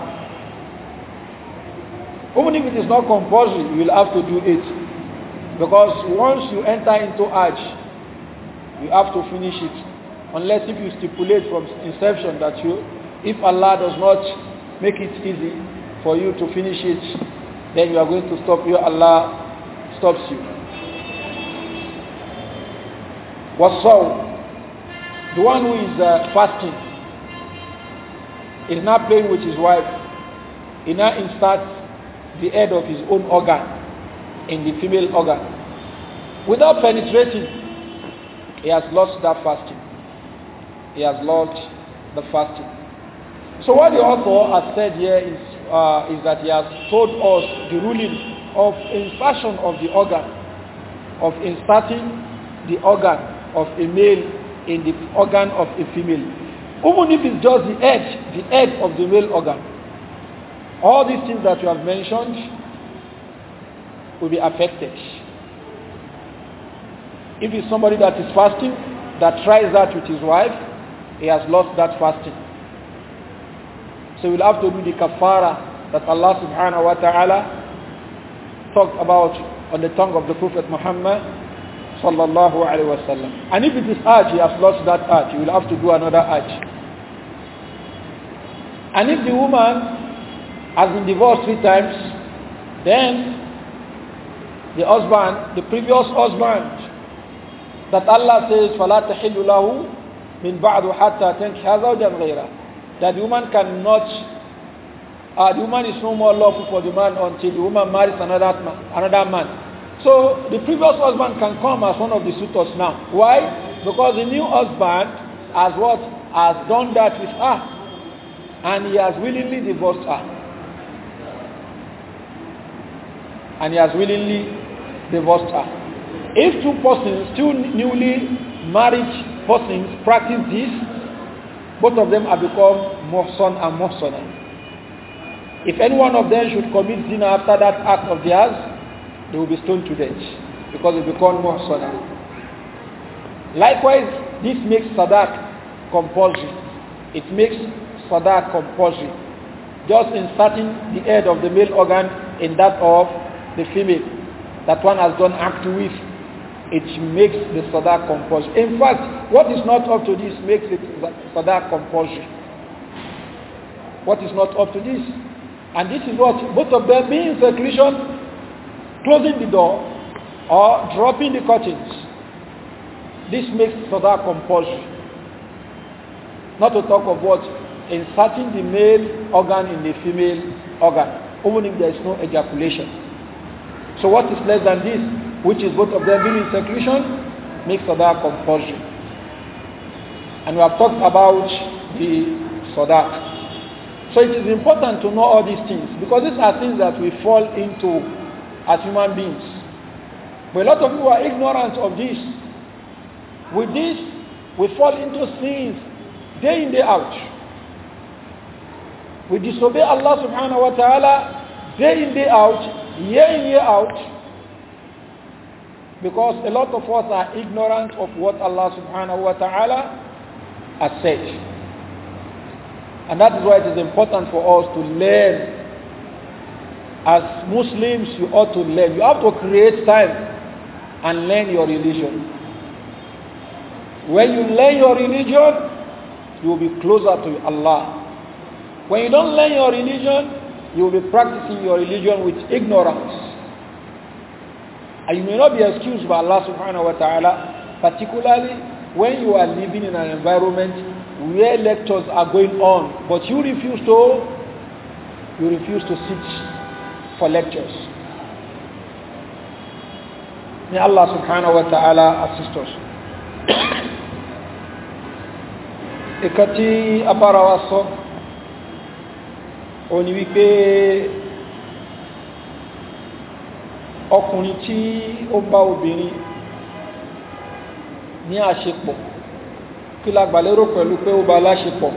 Even if it is not compulsory, you will have to do it. Because once you enter into Hajj, you have to finish it. Unless if you stipulate from inception that you, if Allah does not make it easy for you to finish it, then you are going to stop you. Allah stops you. Wasaw, the one who is uh, fasting, is not playing with his wife. He now inserts the head of his own organ in the female organ. Without penetrating, he has lost that fasting. He has lost the fasting. So what the author has said here is, uh, is that he has told us the ruling of insertion of the organ, of inserting the organ of a male in the organ of a female. Even if it's just the edge, the edge of the male organ. All these things that you have mentioned will be affected. If it's somebody that is fasting, that tries that with his wife, he has lost that fasting. So we'll have to do the kafara that Allah subhanahu wa ta'ala talked about on the tongue of the Prophet Muhammad sallallahu alayhi wa sallam. And if it is Hajj, he has lost that Hajj. He will have to do another Hajj. And if the woman has been divorced three times, then the husband, the previous husband, that Allah says, فَلَا تَحِلُّ لَهُ مِنْ بَعْدُ حَتَّى تَنْكِحَ زَوْجًا That the woman cannot, uh, the woman is no more lawful for the man until the woman marries another man. Another man. So the previous husband can come as one of the suitors now. Why? Because the new husband has what? Has done that with her. And he has willingly divorced her. And he has willingly divorced her. If two persons, two newly married persons practice this, both of them have become muhsan and muhsanah. If any one of them should commit zina after that act of theirs, they will be stoned to death because they become muhsanah. Likewise, this makes sadak compulsory. It makes sadak compulsory. Just inserting the head of the male organ in that of the female that one has done act with, it makes the sadaq compulsory. In fact, what is not up to this makes it sadaq compulsory. What is not up to this? And this is what both of them means secretion, closing the door, or dropping the curtains. This makes sadaq compulsory. Not to talk of what? Inserting the male organ in the female organ, even if there is no ejaculation. So what is less than this, which is both of them being in seclusion, makes sadaq compulsory. And we have talked about the sadaq. So it is important to know all these things because these are things that we fall into as human beings. But a lot of people are ignorant of this. With this, we fall into sins day in, day out. We disobey Allah subhanahu wa ta'ala day in, day out year in, year out, because a lot of us are ignorant of what Allah subhanahu wa ta'ala has said. And that is why it is important for us to learn. As Muslims, you ought to learn. You have to create time and learn your religion. When you learn your religion, you will be closer to Allah. When you don't learn your religion, you will be practicing your religion with ignorance. And you may not be excused by Allah subhanahu wa ta'ala, particularly when you are living in an environment where lectures are going on, but you refuse to, you refuse to sit for lectures. May Allah subhanahu wa ta'ala assist us. Ikati aparawaso ó ní wípé ọkùnrin tí ó bá obìnrin ní àṣepọ̀ kí la gbàlérò pẹ̀lú pé ó bá láṣepọ̀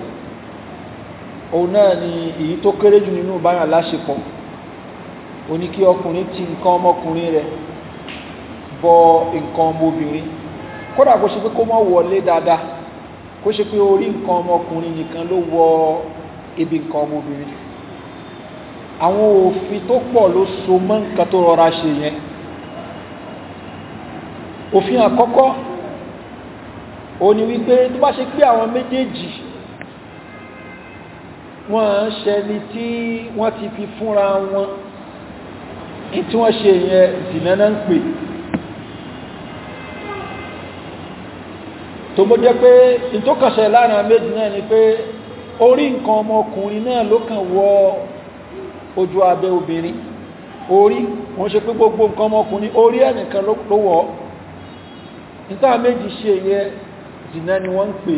òun náà ni èyí tó kéré jù nínú báyàn láṣepọ̀ ó ní kí ọkùnrin ti nǹkan ọmọkùnrin rẹ̀ bọ nǹkan ọmọbìnrin kódà kó ṣe pé kó mọ́ wọlé dáadáa kó ṣe pé orí nǹkan ọmọkùnrin nìkan ló wọ ibi nǹkan ọmọbìnrin àwọn òfin tó pọ̀ ló so mọ́ nǹkan tó rọra ṣe yẹn òfin àkọ́kọ́ ó ní wípé tó bá ṣe pé àwọn méjèèjì wọ́n ṣẹni tí wọ́n ti fi fúnra wọn ní tí wọ́n ṣe yẹn zìnánà ń pè tó bó jẹ́ pé in láàrin méjì náà ni pé orí nǹkan ọmọkùnrin náà ló kàn wọ ojú abẹ́ obìnrin orí wọ́n ṣe pé gbogbo nǹkan ọmọkùnrin orí ẹnìkan ló wọ́ níta méjì ṣe yẹ zina ni wọ́n ń pè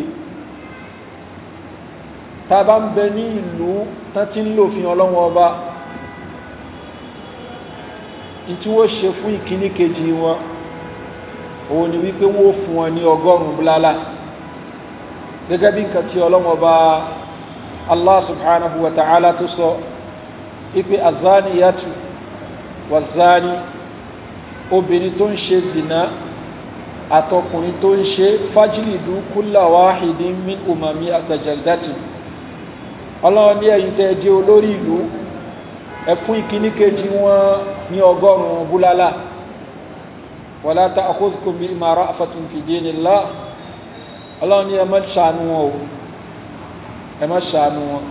ta bá ń bẹ ní ìlú tán tí ń ọlọ́wọ́ ọba tí wọ́n ṣe fún ìkíní kejì wọn òun ni wípé wọ́n fún wọn ní ọgọ́rùn-ún búlálà gẹ́gẹ́ bí nǹkan tí ọlọ́wọ́ ọba Allah subhanahu wa ta'ala tó sọ so, ipe azaniyatu wazani obìnrin tó ń ṣe zina àtọkùnrin tó ń ṣe fájìlìdú kúlà wáhìdí min umami àtàjàdátì ọlọ́run ní ẹ̀yìn tẹ́ jẹ́ olórí ìlú ẹ̀fún ìkíníkejì wọn ní ọgọ́rùn-ún búlálà wàlá ta àkóso bí ìmàrá àfàtún fìdí nílá ọlọ́run ní ẹ má ṣàánú wọn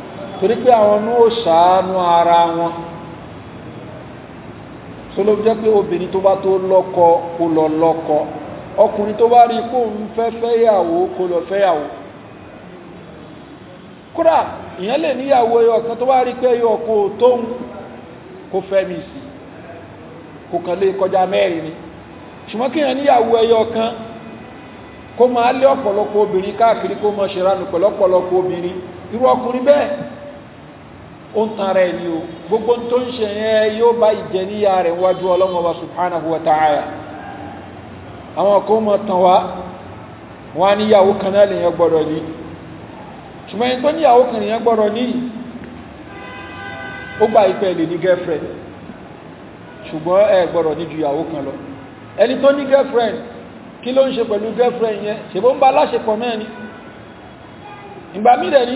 torí pé àwọn ní ó ṣàánú ara wọn tó ló jẹ́ pé obìnrin tó bá tó lọ́kọ kó lọ lọ́kọ ọkùnrin tó bá rí kó ń fẹ́ fẹ́yàwó kó lọ fẹ́yàwó kúrà ìyẹn lè níyàwó ẹyọ ọ̀kan tó bá rí pé ẹyọ kó fẹ́ mi kọjá mẹ́rin ni ṣùgbọ́n kí èèyàn níyàwó ẹyọ ọ̀kan kó máa lé ọ̀pọ̀lọpọ̀ obìnrin káàkiri kó mọ̀ ṣèrànù pẹ̀lọpọ̀lọpọ̀ obìnrin irú ọkùnrin bẹ́ẹ̀ ó ń tan ẹni o gbogbo tó ń ṣe yẹn yóò bá ìjẹníyà rẹ̀ wájú ọlọ́run ọba subhanahu wa ta'ala àwọn kó mọ̀ tàn wá wọ́n á níyàwó kan náà lèyàn gbọ́dọ̀ ní ṣùgbọ́n ẹni tó níyàwó kan lèyàn gbọ́dọ̀ ní ó gbà lè ní girlfriend ṣùgbọ́n ẹ gbọ́dọ̀ ní ju kan lọ ẹni tó ní girlfriend kí ló ń ṣe pẹ̀lú girlfriend yẹn ṣe bó ń bá láṣepọ̀ ni ni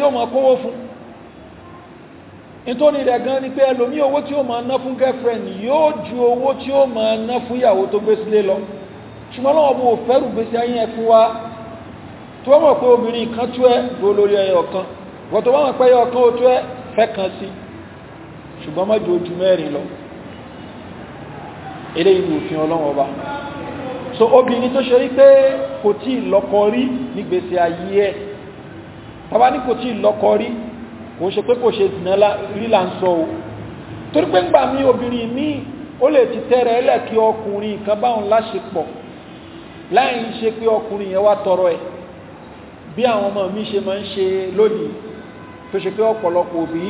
yóò mọ̀ kówó nítorí rẹ̀ gan ni pé ẹlòmí owó tí ó máa ná fún girlfriend yóò ju owó tí ó máa ná fún ìyàwó tó gbé sílé lọ ṣùgbọ́n lọ́wọ́ bó fẹ́rù gbèsè ayé ẹ fún wa tó wọ́n mọ̀ pé obìnrin kan tó ẹ lórí ẹyọ kan wọ́n tó wọ́n mọ̀ pé ẹyọ kan ó tó ẹ fẹ́ kan sí ṣùgbọ́n mọ́jú ojú mẹ́rin lọ eléyìí ni òfin ọlọ́wọ́ ọba so obìnrin tó ṣe rí pé kò tí ì lọ́kọ rí nígbèsè ayé ẹ tàbá ní kò tí ì lọ́kọ rí kò ṣe pé kò ṣe zìnà lílà ń sọ o torí pé ńgbà mí obìnrin mi ó lè ti tẹ́rẹ̀ ẹlẹ̀ kí ọkùnrin kan báwọn láṣepọ̀ láì ń ṣe pé ọkùnrin yẹn wá tọrọ ẹ̀ bí àwọn ọmọ mi ṣe máa ń ṣe lónìí tó ṣe pé ọ̀pọ̀lọpọ̀ òbí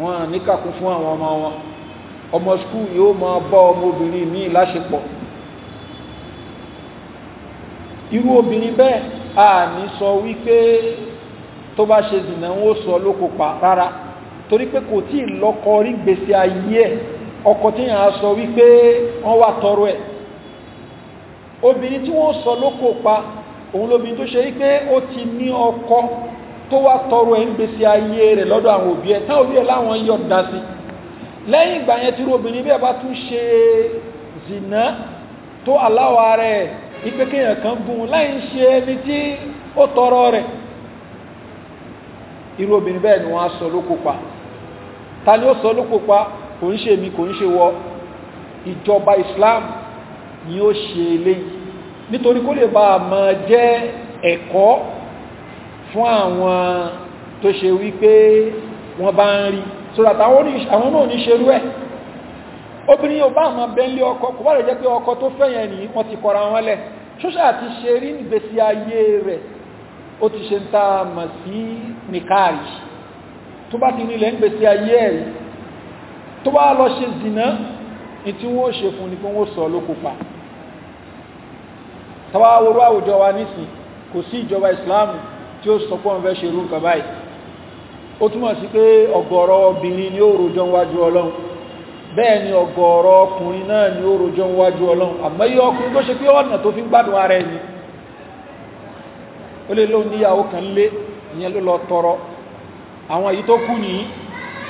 wọn níkàkún fún àwọn ọmọ wọn ọmọ skul yóò máa bá ọmọ obìnrin mi láṣepọ̀ irú obìnrin bẹ́ẹ̀ a ní sọ wípé tó bá ṣe zìnà ó sọ ló kò pa rárá torí pé kò tí lọ́kọ rí gbèsè ayé ẹ̀ ọkọ tí yàn á sọ wípé wọ́n wà tọrọ ẹ̀ obìnrin tí wọ́n sọ ló kò pa òun lóbìnrin tó ṣe wípé ó ti ní ọkọ tó wà tọrọ ẹ̀ ń gbèsè ayé rẹ̀ lọ́dọ̀ àwọn òbí ẹ̀ táwọn òbí ẹ̀ láwọn yọ̀ǹda sí lẹ́yìn ìgbà yẹn tí obìnrin bẹ́ẹ̀ bá tún ṣe zìnà tó aláwa rẹ̀ ipe kan gún láì ń ṣe ẹni tí ó tọrọ rẹ̀ irú obìnrin bẹ́ẹ̀ ni wọ́n á sọ lókò pa ta ni ó sọ lókò pa kò ń ṣe mi kò ń ṣe wọ ìjọba Islam ni ó ṣe eléyìí nítorí kó lè bá a mọ jẹ́ ẹ̀kọ́ fún àwọn tó ṣe wípé wọ́n bá ń rí sọ́dọ̀ àwọn náà ní ṣerú ẹ̀ obìnrin yóò bá àmọ́ bẹ́ńlé ọkọ kò bá lè jẹ́ pé ọkọ tó fẹ́yẹn nìyí wọ́n ti kọra wọn lẹ̀ ṣóṣà ti ṣe rí nígbèsí ayé rẹ̀ ó ti ṣe ń ta mọ̀ sí nìkáàrí tó bá ti nílẹ̀ ń gbèsè ayé ẹ̀rí tó bá lọ ṣe zìnà ní tí wọ́n ṣe fún ní kí wọ́n sọ ló kópa tàwa wa nísìn kò sí ìjọba Islam tí ó sọ pé wọ́n fẹ́ ṣe irú nǹkan báyìí ó túmọ̀ sí pé ọ̀gọ̀rọ̀ obìnrin ni ó rojọ́ wájú Ọlọ́run bẹ́ẹ̀ ni ọ̀gọ̀rọ̀ ọkùnrin náà ni ó rojọ́ wájú Ọlọ́run àmọ́ iye ọkùnrin tó ṣe pé ọ̀nà tó fi ń gbádùn ara ẹni ó lè lóun níyàwó kan lé ìyẹn ló lọ tọrọ àwọn èyí tó kù ní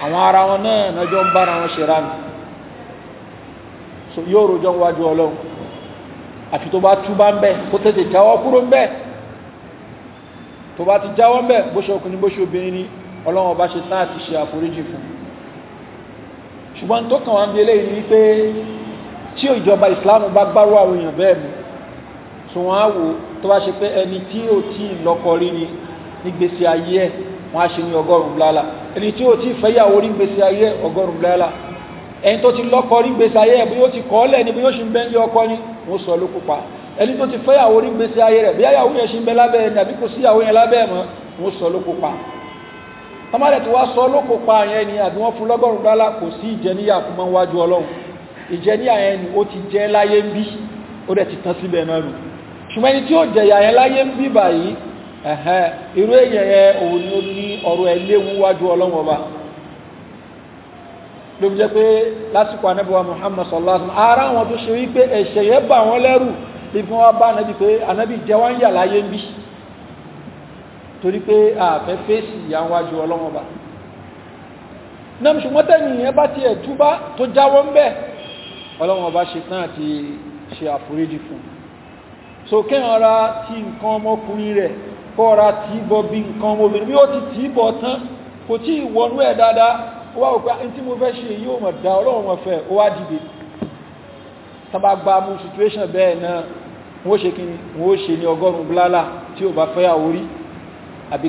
àwọn ara wọn náà nájọ ń bára wọn ṣera nù so yóò rojọ́ wájú ọlọ́run àfi tó bá túbá ń bẹ̀ kó tètè jáwọ́ kúrò ń bẹ̀ tó bá ti jáwọ́ ń bẹ̀ bó ṣe ọkùnrin bó ṣe obìnrin ni ọlọ́run ọba ṣe tán àti ṣe àforíjì fún ṣùgbọ́n tó kàn wá ń bí eléyìí ni pé tí ìjọba ìsìláàmù bá gbárù àwọn èèyàn bẹ́ẹ̀ mú so wọ́n á wò tó bá ṣe pé ẹni tí ò tí ì lọ́kọ rí ni nígbèsè ayé ẹ̀ wọ́n á ṣe ní ọgọ́rùn-ún bláàlà ẹni tí ò tí ì fẹ́yàwó rí gbèsè ayé ẹ̀ ọgọ́rùn-ún bláàlà ẹni tó ti lọ́kọ rí gbèsè ayé ẹ̀ bí yóò ti kọ́ lẹ̀ ni bí yóò ṣe ń bẹ́ ní ọkọ ni wọ́n sọ ló kópa ẹni tó ti fẹ́yàwó rí gbèsè ayé rẹ̀ bí yàwó yẹn ṣe ń bẹ lábẹ́ ẹ̀ tàbí kò sí yàwó yẹn lábẹ́ ẹ̀ mọ́ sọ ló kópa tọ́mọ́lẹ̀ tí wá sọ lókò pa àyẹn ni àbí wọ́n fún lọ́gọ́rùn dọ́là kò sí ìjẹníyà fún mọ́ wájú ọlọ́run ìjẹníyà yẹn ni ó ti jẹ́ láyé ń bí ó dẹ̀ ti tán síbẹ̀ náà rù ṣùgbọ́n ẹni tí ó jẹ̀yà yẹn láyé ń bí báyìí ẹ̀hẹ́n irú èyàn yẹn òun ló ní ọ̀rọ̀ ẹ̀ léwu ló jẹ́ pé lásìkò anábíwá Muhammad sallallahu alaihi wasallam ara wọn tó ṣe wípé ẹ̀ṣẹ̀ yẹn bà wọ́n lẹ́rù ibi wọn bá anábì pé anábì jẹ́ wọ́n yà láyé ń bí torí pé àfẹ́ fèsì ìyà wájú ọlọ́wọ́n ọba so kẹ́hàn ra ti nǹkan ọmọkùnrin rẹ̀ kọ́ ra tí bọ́ bí nǹkan ọmọbìnrin bí ó ti tí bọ̀ tán kò tí ì ẹ̀ dáadáa ó òpá tí mo fẹ́ situation bẹ́ẹ̀ náà wọ́n ṣe kí wọ́n ṣe ní ọgọ́rùn bláàlà tí ó bá fẹ́ àwórí àbí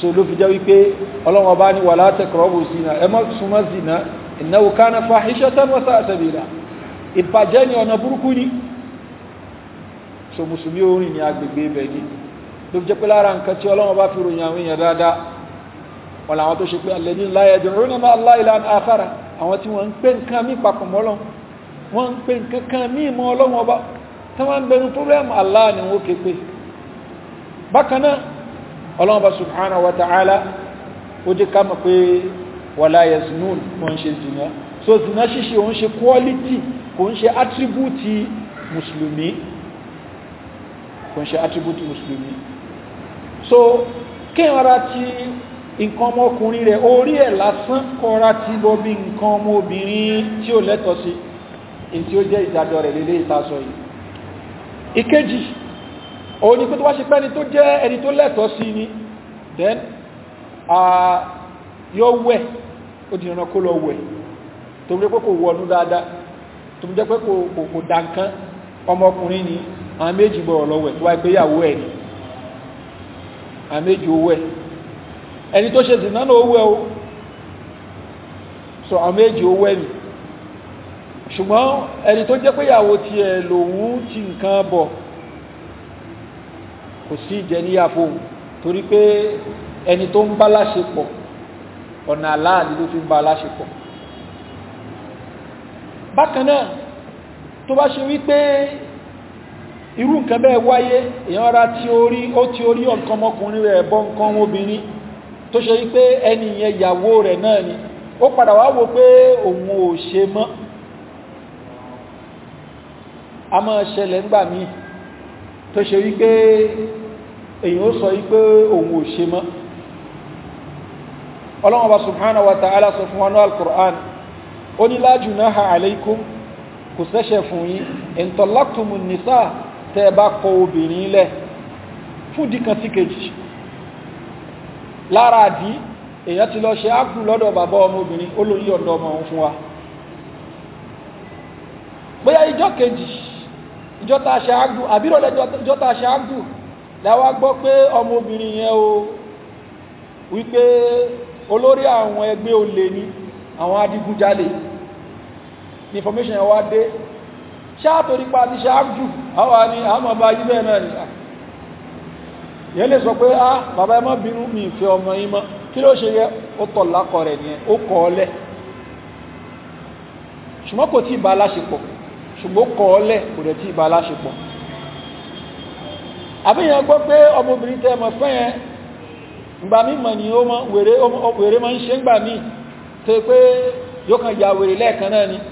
so ló fi jẹ́ wípé ọlọ́run ọba ní wala taqrabu zina ẹ má súnmọ́ zina innahu kana fahishatan wa sa'a sabila ìbàjẹ́ ni ọ̀nà burúkú ni so mùsùlùmí orin ní agbègbè ibẹ̀ ni ló jẹ́ pé lára nǹkan tí ọlọ́wọ́ bá fi ròyìn àwọn èèyàn dáadáa wọn làwọn tó ṣe pé alẹ́ni láyé ẹ̀dùn rúnà máa láìlà àfára àwọn tí wọ́n ń pè nǹkan mí papọ̀ mọ́lọ́ wọ́n ń pè nǹkan mí mọ́ ọlọ́wọ́ ọba tí wọ́n ń bẹnu púrẹ́mù Allah wọ́n ké pé bákan náà ọlọ́wọ́ subhanahu wa kò ń ṣe attribute mùsùlùmí so kí ọ̀rá ti nǹkan ọmọkùnrin rẹ̀ orí ẹ̀ lásán kọ́ra ti bọ́ bí nǹkan ọmọbìnrin tí ó lẹ́tọ̀ sí in tí ó jẹ́ ìdájọ́ rẹ̀ lélé ìtasọ yìí ìkejì òun ni pé tó wá ṣe pẹ́ni tó jẹ́ ẹni tó lẹ́tọ̀ sí ni then yóò wẹ̀ ó di ìrànkó lọ wẹ̀ tó jẹ́ pé kò wọnú dáadáa tó jẹ́ pé kò dànkan ọmọkùnrin ni àwọn méjì gbọ́rọ̀ lọ́wọ́ ẹ̀ tó wáyé pé ìyàwó ẹ̀ ni àwọn méjì owó ẹ̀ ẹni tó ṣe zìnà náà owó ẹ̀ o sọ àwọn méjì owó ẹ̀ ni ṣùgbọ́n ẹni tó jẹ́ pé ìyàwó tiẹ̀ lòun ti nǹkan bọ̀ kò sí ìjẹníyà fún torí pé ẹni tó ń bá láṣepọ̀ ọ̀nà aláàlú ló fi ń bá láṣepọ̀ bákan náà tó bá ṣe wípé irú nǹkan bẹ́ẹ̀ wáyé èyàn ra tí ó rí ó tí ó rí ọ̀kan ọmọkùnrin rẹ̀ bọ́ nǹkan obìnrin tó ṣe wípé ẹni yẹn ìyàwó rẹ̀ náà ni ó padà wá wo pé òun ò ṣe mọ́ a máa ṣẹlẹ̀ ńgbà míì tó ṣe wípé èyàn ó sọ wípé òun ò ṣe mọ́ ọlọ́run ọba subhanahu wa ta'ala sọ fún wọn al ó ní la junaha alaykum kò sẹ́ṣẹ̀ fún yín in talaqtumun tẹ́ bá kọ obìnrin lẹ̀ fún díkan sí kejì lára àdí èyàn ti lọ ṣe ápù lọ́dọ̀ bàbá ọmọbìnrin olóyí ọ̀dọ̀ ọmọ òun fún wa bóyá ìjọ kejì ìjọ ta ṣe ápù àbírọ̀lẹ́ ìjọ ta láwá gbọ́ pé ọmọbìnrin yẹn o wípé olórí àwọn ẹgbẹ́ olè ni àwọn adigunjalè information yẹn dé ṣáàtò tori ti ṣe áàjù àwà ní àmọ̀bá yí bẹ́ẹ̀ náà nìyà yẹ́ lè sọ pé a ah, bàbá ẹmọ́ bínú mi ọmọ yí kí ló ṣe yẹ ó tọ̀ lákọ̀ rẹ̀ nìyẹn ó kọ̀ ọlẹ̀ ṣùgbọ́n kò tí ì bá aláṣepọ̀ ṣùgbọ́n kọ̀ ọlẹ̀ kò dẹ̀ tí ì bá aláṣepọ̀ àbíyàn gbọ́ pé ọmọbìnrin tẹ́ mọ̀ fẹ́ yẹn ìgbà ni ó mọ̀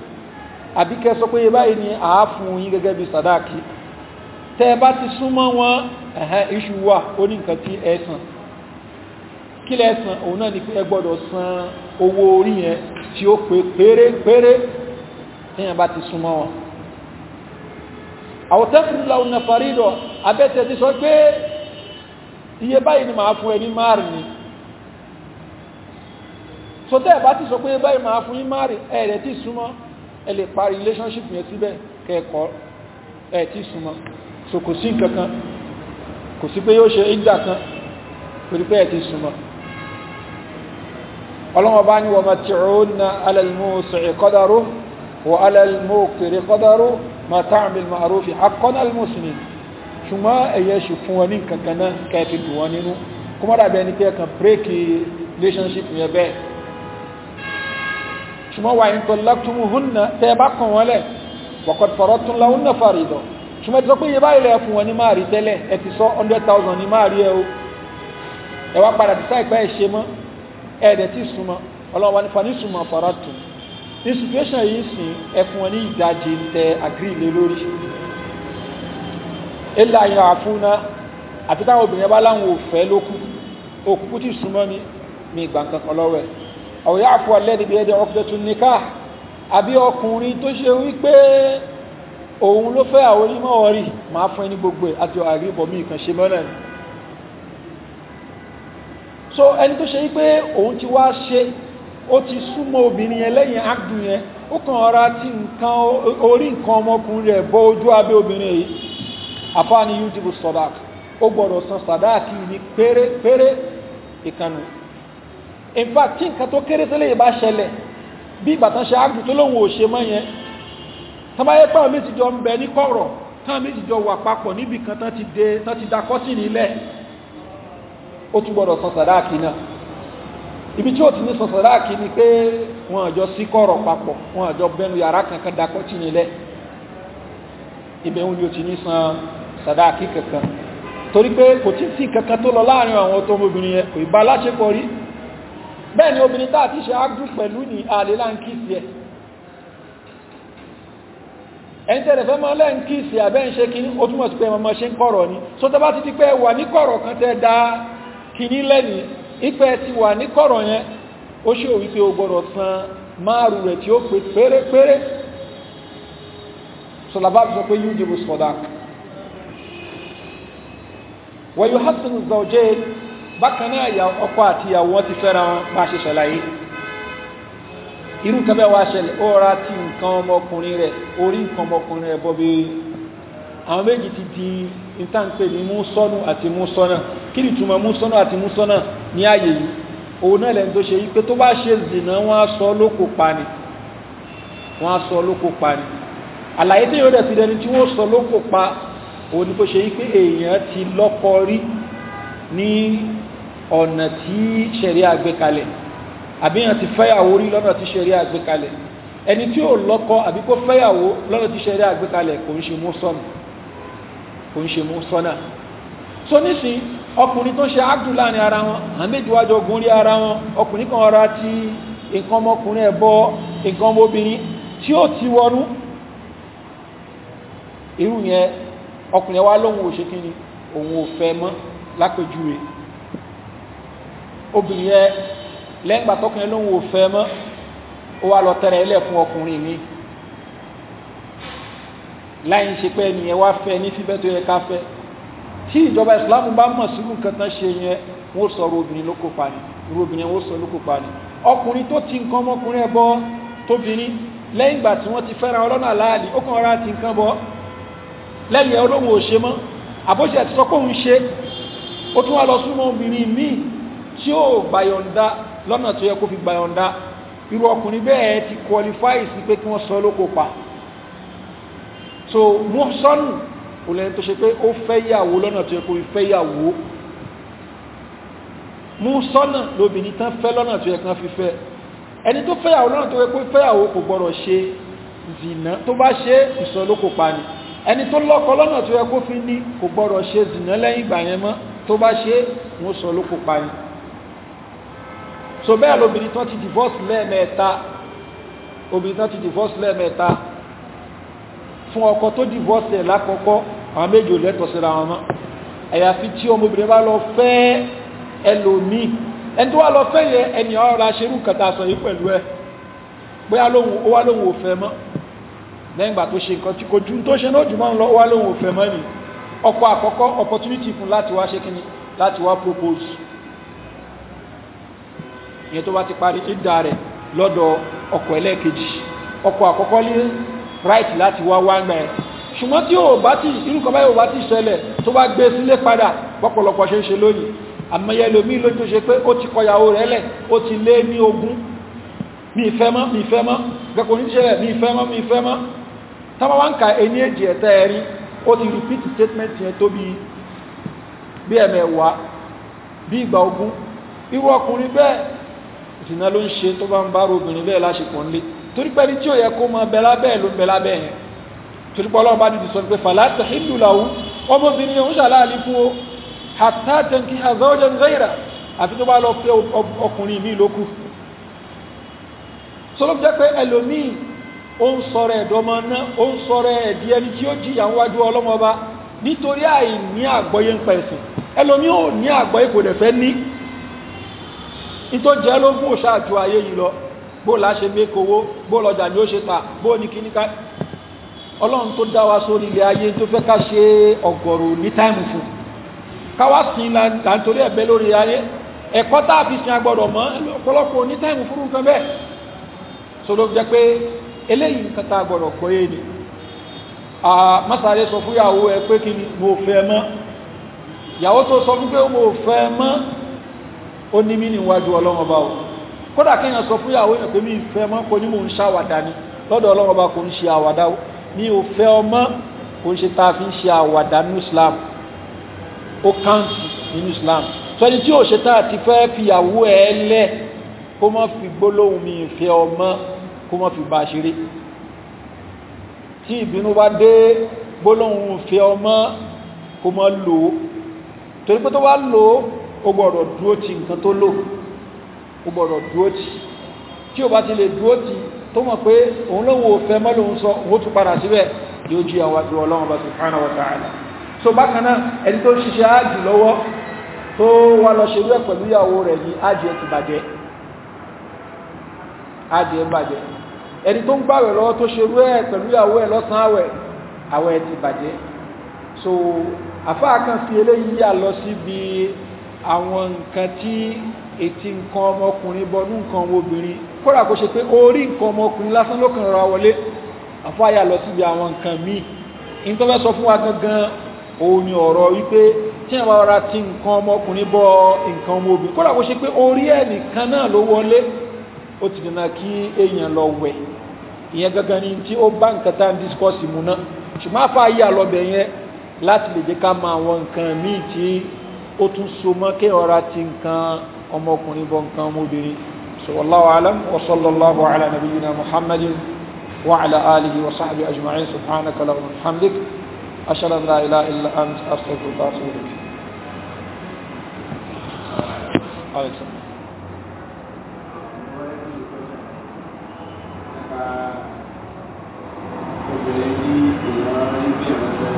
àbí kẹ́ sọ pé báyìí ni àáfún yín gẹ́gẹ́ bí sàdáàkì tẹ́ ẹ bá ti súnmọ́ wọn ẹ̀hẹ́n iṣu wà ó ní nǹkan tí ẹ san kí lẹ san òun náà ni pé ẹ gbọ́dọ̀ san owó orí yẹn tí ó pé pérépéré téèyàn bá ti súnmọ́ wọn àwòtẹ́fìlà ọ̀nà faridọ̀ abẹ́tẹ̀ ti sọ pé iye báyìí ni màá fún ẹ márùn ni sọtẹ́ ẹ̀ ti sọ pé báyìí màá fún ní márùn ẹ̀rẹ̀ ti súnmọ́ ẹ lè parí relationship yẹn síbẹ̀ kẹ́ẹ̀kọ́ ẹ̀ tí súnmọ́ so kò sí nǹkankan kò sí pé yóò ṣe ìgbà kan torí pé ẹ̀ tí súnmọ́ ọlọ́wọ́ bá ní wọ́n ma tí ó na alẹ́lmú sọ̀rọ̀ kọ́dáró wọ alẹ́lmú kèrè kọ́dáró ma táàmìl ma àrófin akọ́nàlmú ṣùgbọ́n wà ní tọ́láktúmù húnna tẹ́ bá kàn wọ́n lẹ̀ wọ̀kọ̀t fọ̀rọ̀tún láhún náà fàrí ìdọ̀ ṣùgbọ́n ti sọ pé iye báyìí lẹ́ fún wọn ní máa rí tẹ́lẹ̀ ẹ ti sọ 100,000 ní máa rí ẹ o ẹ wá padà ti sáìpẹ́ ẹ ṣe mọ́ ẹ dẹ̀ ti súnmọ́ ọlọ́wọ́ ní fani súnmọ́ fọ̀rọ̀tún ní situation súnmọ́ mi ọ̀yá àfọ alẹ́ni bí ẹ̀dẹ̀ ọkùnrin nìka àbí ọkùnrin tó ṣe wípé òun ló fẹ́ àwọn onímọ̀ ọ̀rì máa fún ẹni gbogbo àti àríbọ̀ mí kan ṣe mọ́nà ni so ẹni tó ṣe wípé òun ti wá ṣe ó ti súnmọ́ obìnrin yẹn lẹ́yìn áàdù yẹn ó kàn ọ̀rá tí nǹkan orí nǹkan ọmọkùnrin rẹ̀ bọ́ ojú abẹ́ obìnrin yìí àfáà ni yúdìbù sọ̀dák ó gbọ́dọ̀ san sàdáàkì ní pérépéré ìkànnì in fact tí nǹkan tó kéré tó lè bá ṣẹlẹ̀ bí tán ṣe ágbù tó lóun ò ṣe mọ́ yẹn tán bá yẹ ń bẹ ní kọ̀rọ̀ tán wà papọ̀ níbi kan tán san sàdáàkì náà ibi tí ó ní san sàdáàkì ni pé àjọ sí kọ̀rọ̀ papọ̀ àjọ bẹnu yàrá kankan dakọ́ sí nílẹ̀ ibẹ̀ kankan torí pé kankan tó lọ láàrin àwọn yẹn kò ì bẹ́ẹ̀ ni obìnrin táà ti ṣe ágdù pẹ̀lú ní àlélá ń kí sí ẹ ẹni tẹ́lẹ̀ fẹ́ máa lẹ́n kí sí àbẹ́ ń ṣe kí ó túnmọ̀ sí pé mọ́ ṣe ń kọ̀rọ̀ ni so tẹ́ bá ti ti pẹ́ wà ní kọ̀rọ̀ kan tẹ́ da kìíní lẹ́ni ipẹ́ ti wà ní kọ̀rọ̀ yẹn ó ṣe òwí pé o gbọ́dọ̀ san márù rẹ̀ tí ó pè pérépéré sọlàbá sọ pé yúdìbò sọ̀dá wọ́n yóò hásìlù bákan náà ọkọ àti ìyàwó wọn ti fẹ́ra wọn bá ṣe ṣàlàyé irú nǹkan bẹ́ẹ̀ wá ṣẹlẹ̀ ó ra ti nǹkan ọmọkùnrin rẹ̀ orí nǹkan ọmọkùnrin rẹ̀ bọ́ bí àwọn méjì ti di ìtànpé ní músọ́nù àti músọ́nà kí ni túmọ̀ músọ́nù àti músọ́nà ní ààyè yìí òun náà lẹ́nu tó ṣe yí pé tó bá ṣe zìnà wọ́n á sọ lóko pani wọ́n á sọ lóko pani àlàyé tí yóò dẹ̀ ti dẹni tí wọ́n sọ lóko pa òun ni kò ṣe yí èèyàn ti lọ́kọ rí ní ọ̀nà tí ṣẹ̀rí àgbékalẹ̀ àbíyàn ti fẹ́yàwó rí lọ́nà tí ṣẹ̀rí àgbékalẹ̀ ẹni tí ó lọ́kọ àbí kó fẹ́yàwó lọ́nà tí ṣẹ̀rí àgbékalẹ̀ kò ń ṣe mú sọ́nà kò ń ṣe mú sọ́nà so nísìn ọkùnrin tó ṣe ágùn láàrin ara wọn àméjì wájọ ogun rí ara wọn ọkùnrin kan ra ti nǹkan ọmọkùnrin ẹ̀bọ nǹkan ọmọbìnrin tí ó ti wọnú irú yẹn ọkùnrin wa lóhun òṣèkíni òun ò fẹ́ mọ́ lápèjúwe obìnrin yẹn lẹ́yìn ìgbà tọkùnrin lóhùn ò fẹ́ mọ́ ó wá lọ tẹ̀rẹ̀ ẹlẹ́ fún ọkùnrin mi láì ń ṣe pé ẹnìyẹn wá fẹ́ ní fífẹ́ tó yẹ ká fẹ́ tí ìjọba ìsìlámù bá mọ̀ sí nǹkan tán ṣe yẹn wọ́n sọ obìnrin ló kópa ni irú obìnrin wọ́n sọ ló kópa ni ọkùnrin tó ti nǹkan ọmọkùnrin ẹ̀bọ tóbìnrin lẹ́yìn ìgbà tí wọ́n ti fẹ́ra ọlọ́nà aláàlì ó kàn ra ti nǹkan bọ́ lẹ́yìn ẹ̀ olóhùn ò ṣe mọ́ àbóṣe ẹ̀ ti sọ pé òun ṣe ó tún wá lọ súnmọ́ obìnrin míì tí ó gbayọ̀ǹda lọ́nà tó yẹ kó fi gbayọ̀ǹda irú ọkùnrin bẹ́ẹ̀ ti qualify sí pé kí wọ́n sọ lóko pa so muhsanu kò lẹ́ni tó ṣe pé ó fẹ́ yàwó lọ́nà tó yẹ kó fi fẹ́ yàwó muhsanu lóbìnrin tán fẹ́ lọ́nà tó yẹ kán fi fẹ́ ẹni tó fẹ́ yàwó lọ́nà tó yẹ kó fẹ́ kò gbọ́dọ̀ ṣe zìnà tó bá ṣe ìsọ pa ni ẹni tó lọ́kọ lọ́nà tó yẹ kó fi ní kò gbọ́dọ̀ ṣe zìnà lẹ́yìn ìgbà yẹn mọ́ tó bá ṣe wọ́n sọ lóko pa ni so bẹ́ẹ̀ lóbìnrin tán ti divorce lẹ́ẹ̀mẹ́ta obìnrin tán ti divorce lẹ́ẹ̀mẹ́ta fún ọkọ tó divorce ẹ̀ lákọ́kọ́ àwọn méjì ò lẹ́tọ̀ síra wọn mọ́ àyàfi tí ọmọbìnrin bá lọ fẹ́ ẹlòmíì ẹni tó wá lọ fẹ́ yẹ ẹni ọ̀rọ̀ aṣerú kàtà sọ yìí pẹ̀lú ẹ pé ó wá lóhun ò fẹ́ mọ́ lẹ́yìn ìgbà tó ṣe nǹkan tí kò ju tó ṣe náà jù máa ń lọ wá lóhun ò fẹ́ mọ́ ni ọkọ àkọ́kọ́ opportunity fún láti wá ṣe kíni láti wá propose ìyẹn tó bá ti parí ìdá rẹ̀ lọ́dọ̀ ọkọ ẹlẹ́ẹ̀kejì ọkọ àkọ́kọ́ ní right láti wá wá gbà ẹ̀ ṣùgbọ́n tí ò bá ti irúkọ báyìí ò bá ti ṣẹlẹ̀ tó bá gbé sílé padà pọ̀pọ̀lọpọ̀ ṣe ń ṣe lónìí àmọ́yẹ lómi ló tó ṣe pé ó ti kọyàwó rẹ̀ lẹ̀ ó ti lé ní ogún mi ìfẹ́ repeat statement yẹn tó bí bí ẹ̀mẹ̀wàá bí ìgbà ogún irú ọkùnrin bẹ́ẹ̀ ìsìná ló ń ṣe tó bá ń bá obìnrin bẹ́ẹ̀ láṣepọ̀ ńlé torí pé ẹni tí ó yẹ kó mọ bẹ́lá bẹ́ẹ̀ ló ń bẹ́lá bẹ́ẹ̀ yẹn torí pé ọlọ́run bá dìde sọ pé fàlàtà hindu làwọn ọmọbìnrin yẹn ń ṣàlàyé fún o hatta tanki azọ́jẹ́ ń zẹ́yìrà àfi tó bá lọ pé ọkùnrin mi lókù sọlọ́ ò ní àgbọ́yé kò dẹ̀ fẹ́ ní ìtò jẹ́ lógún òṣáàjú ayé yìí lọ bó láṣe mékowó bó lọ́jà ni ó ṣe ta bó ní kíníká ọlọ́run tó dá wa sórí ilẹ̀ ayé tó fẹ́ ká ṣe ọ̀gọ̀rọ̀ ní táìmù fún káwá sí là ń torí ẹ̀bẹ́ lórí ayé ẹ̀kọ́ tá a fi sin agbọ́dọ̀ a gbọ́dọ̀ pọ̀ yé ni masare sọ fún ìyàwó ẹ mọ́ ó ní mí níwájú ọlọ́run ọba o kódà kí èèyàn sọ fún ìyàwó èèyàn pé mi ìfẹ́ mọ́ kò ní mò ń ṣàwàdà ni lọ́dọ̀ ọlọ́run ọba kò ń ṣe àwàdà o mi ò fẹ́ ọmọ kò ń ṣe tá a fi ń ṣe àwàdà nínú Islam ó káǹtì nínú Islam sọni tí ò ṣe tá ti fẹ́ fi ìyàwó ẹ lẹ̀ kó má fi gbólóhùn mi ìfẹ́ ọmọ kó má fi bá a ṣeré tí ìbínú bá dé gbólóhùn ìfẹ́ ọmọ kó má lò ó torí pé tó bá lò ó ó gbọ́dọ̀ dúró ti nǹkan tó lò ó gbọ́dọ̀ dúró ti tí ó bá ti lè dúró ti tó mọ̀ pé òun lóun fẹ́ mọ́ sọ òun tún padà síbẹ̀ yóò jí àwọn àdúrà ọlọ́run bá subhanahu so bákan náà ẹni tó ṣiṣẹ́ ájì lọ́wọ́ tó wá lọ ṣerú ẹ̀ pẹ̀lú ìyàwó rẹ̀ ní ájì ẹ̀ ti bàjẹ́ ájì so àfáà kan fi eléyìí yà lọ síbi àwọn nǹkan tí ètí nǹkan ọmọkùnrin bọnú nǹkan ọmọbìnrin kódà kó ṣe pé orí nǹkan ọmọkùnrin lásán ló kàn ra wọlé àfáyà lọ síbi àwọn nǹkan míì in tó fẹ́ sọ fún wa gangan òun ni ọ̀rọ̀ wípé tí àwọn ara ti nǹkan ọmọkùnrin bọ nǹkan ọmọbìnrin kódà kó ṣe pé orí ẹ̀ nìkan náà ló wọlé ó ti dènà kí èèyàn lọ wẹ̀ ìyẹn gangan ni tí ó bá nǹkan tá à ń discourse mu náà ṣùgbọ́n àfáyà lọ bẹ̀ láti lè jẹ́ ká mọ àwọn nǹkan míì tí ó tún so mọ́ kí ọ̀rá ti nǹkan ọmọkùnrin bọ nǹkan ọmọbìnrin sallallahu alam wa sallallahu ala nabiyyina muhammadin wa ala alihi wa sahbihi ajma'in subhanaka lahum obìnrin ní ìwọ̀n ibi ìrànlọ́wọ́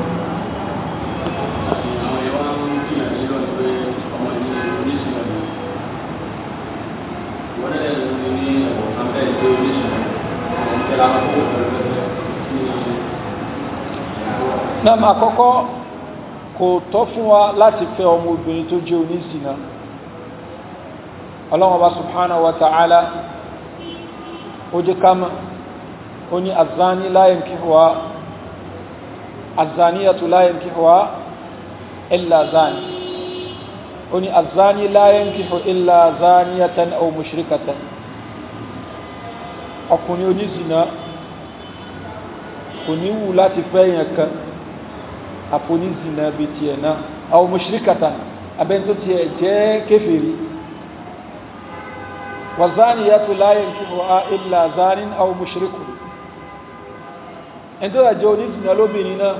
náà àkọ́kọ́ kò tọ́ fún wa láti fẹ́ ọmọ obìnrin tó jẹ́ onísìnà ọlọ́wọ́n bá subhanahu wa ta'ala ó jẹ́ kama ó ní azani la yankihuha azaniyatu la yankihuha illa ó ní azani láyẹn ti fò ilà zaniyatan aw mushrikatan ọkùnrin oníṣìnà kò ní wù láti fẹ́ yẹn kan àfoníṣìnà bíi tiẹ̀ náà aw mushrikatan abẹ́ni tó tiẹ̀ jẹ́ kèfèrí wazaniyatu láyẹn ti fò ilà zanin aw mushrikun ẹni tó dàjẹ́ oníṣìnà lóbìnrin náà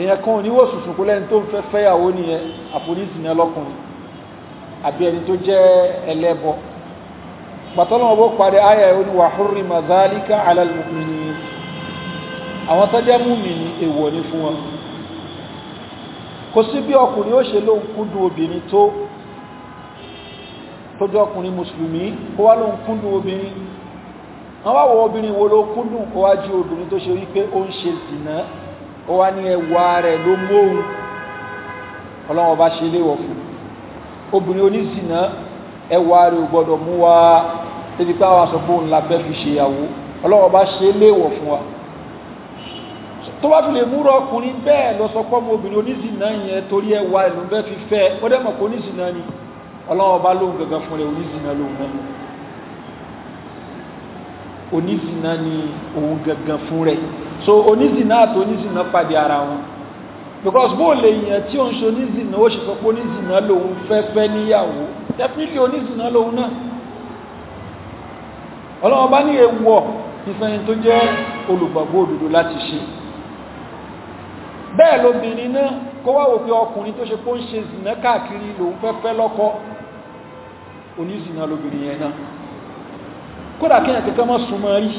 èèyàn kan ò ní wò sùsùn kó lẹ́ni tó ń fẹ́ fẹ́yàwó nìyẹn àfoníṣìnà lọ́kùnrin àbí ẹni tó jẹ́ ẹlẹ́bọ gbàtọ́lọ́wọ́ bó parí ayà ìwọ́n wà húrrí mazalika alalmukmini àwọn tó jẹ́ múmini èwọ̀ ní fún wọn kò sí bí ọkùnrin ó ṣe lóhun kúndùn obìnrin tó tó jọ ọkùnrin mùsùlùmí kó wá lóhun obìnrin wọ́n wá wọ obìnrin wo ló kúndùn wá jí obìnrin tó ṣe wípé ó ń ṣe zìnà ó wá ní ẹwà rẹ̀ ló mọ́ òun ọlọ́wọ́ bá ṣe léwọ̀ fún obìnrin oníṣìnà ẹwà rẹ̀ ò gbọ́dọ̀ mú wa débi pé àwọn aṣọ fóun la fẹ́ fi ṣe ìyàwó ọlọ́wọ́ bá ṣe é léèwọ̀ fún wa tó bá fi lè múra ọkùnrin bẹ́ẹ̀ lọ sọ pé ọmọ obìnrin oníṣìnà yẹn torí ẹwà ẹ̀ ló fi fẹ́ ó dẹ̀ mọ̀ pé ni ọlọ́wọ́ bá lóun gangan fún rẹ̀ oníṣìnà lóun náà oníṣìnà ni òun gangan fún rẹ̀ so oníṣìnà àti oníṣìnà pàdé ara wọn because bó lè yàn tí ó ń ṣe onízìnà ó ṣe sọ pé onízìnà lòun fẹ́ fẹ́ níyàwó definitely onízìnà lòun náà ọlọ́wọ́ bá ní ewọ̀ ìfẹ́yìn tó jẹ́ olùgbàgbọ́ òdodo láti ṣe bẹ́ẹ̀ lóbìnrin náà kó wá wò pé ọkùnrin tó ṣe pé ó ń ṣe zìnà káàkiri lòun fẹ́ fẹ́ lọ́kọ onízìnà lóbìnrin yẹn náà kódà kí ẹ̀kẹ́kẹ́ mọ́ súnmọ́ rí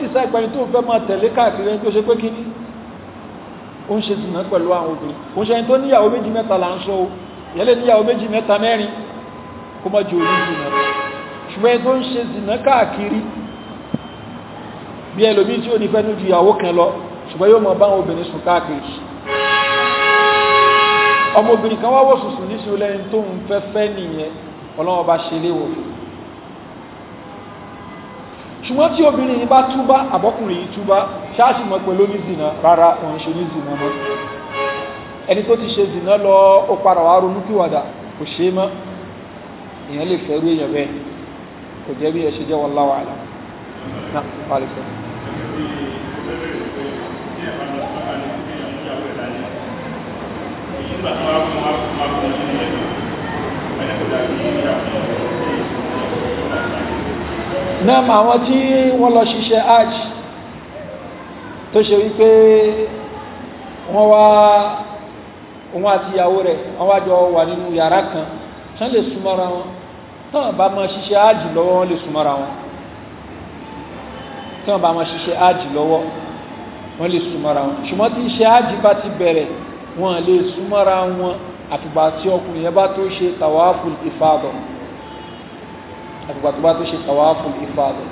dìsá ìpẹni tó fẹ́ máa tẹ̀lé káàkiri ẹni tó ṣe pé kíní ó ń ṣe zìnà pẹ̀lú àwọn obìnrin ó ń ṣe ẹni tó níyàwó méjì mẹ́ta là ń sọ o ìyẹ́lẹ̀ níyàwó méjì mẹ́ta mẹ́rin kó mọ́ ju orí zìnà ṣùgbọ́n ẹni tó ń ṣe zìnà káàkiri bí ẹlòmí tí ó ní fẹ́nu ju ìyàwó kan lọ ṣùgbọ́n yóò mọ̀ bá àwọn obìnrin sùn káàkiri ṣùgbọ́n tí obìnrin yìí bá túbá àbọ́kùnrin yìí túbá ṣáàṣì mọ̀ pẹ̀lú onízìnà rárá òun ṣe onízìnà mọ́ ẹni tó ti ṣe zìnà lọ ó padà wá ronúkúwàdà kò ṣe mọ́ èèyàn lè fẹ́rú èèyàn bẹ́ẹ̀ kò jẹ́ bí ẹ ṣe jẹ́ wallahu a'lam náà pàlẹ́ sọ náà mà àwọn tí wọ́n lọ ṣiṣẹ́ hajj tó ṣe wípé wọ́n wá òun àti ìyàwó rẹ̀ wọ́n wá jọ wà nínú yàrá kan tán lè súnmọ́ra wọn tán bá máa ṣiṣẹ́ hajj lọ́wọ́ wọ́n lè súnmọ́ra wọn tán bá máa ṣiṣẹ́ hajj lọ́wọ́ wọ́n lè súnmọ́ra wọn ṣùgbọ́n tí iṣẹ́ hajj bá ti bẹ̀rẹ̀ wọ́n lè súnmọ́ra wọn àfìgbà tí ọkùnrin yẹn bá tó ṣe tàwáfù ìfàdọ̀ àtìgbà tó bá tó ṣe tàwáfù ìfàdọ̀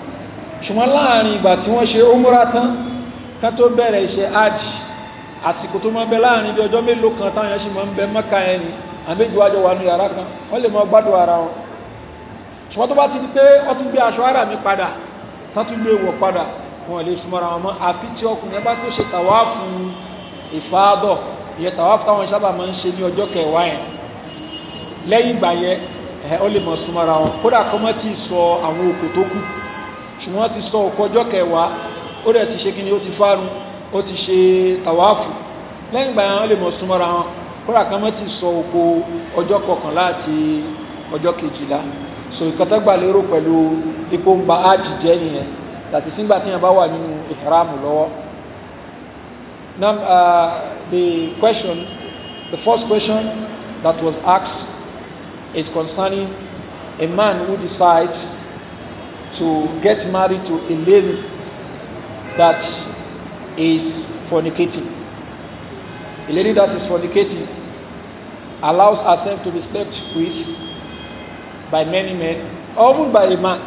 ṣùgbọ́n láàrin ìgbà tí wọ́n ṣe ómúra tán ká tó bẹ̀rẹ̀ iṣẹ́ hajj àsìkò tó máa bẹ láàrin bí ọjọ́ mélòó kan táwọn yẹn ṣì máa ń bẹ mọ́ka ẹni àmẹ́jọ wájọ wà ní yàrá kan wọ́n lè máa gbádùn ara wọn ṣùgbọ́n tó bá ti di pé wọ́n tún lẹ́yìn ìgbà yẹn ẹ̀ ó lè mọ̀ súnmọ́ra wọn kódà kọ́ mọ́ ti sọ àwọn òkò tó ti sọ òkò ọjọ́ kẹwàá ó ti ṣe kí ni ti fárun ó ti ṣe tàwáàfù lẹ́yìn ìgbà yẹn ó lè mọ̀ súnmọ́ra wọn kódà kọ́ ti sọ òkò ọjọ́ kọkànlá àti ọjọ́ kejìlá so ìkọtọ́gbà lérò pẹ̀lú ipò ń ba áàjì jẹ́ nìyẹn sígbà tí yẹn bá wà nínú ìhàrámù lọ́wọ́ now uh, ah, the question the first question that was asked is concerning a man who decides to get married to a lady that is fornicating. A lady that is fornicating allows herself to be slept with by many men, or even by a man.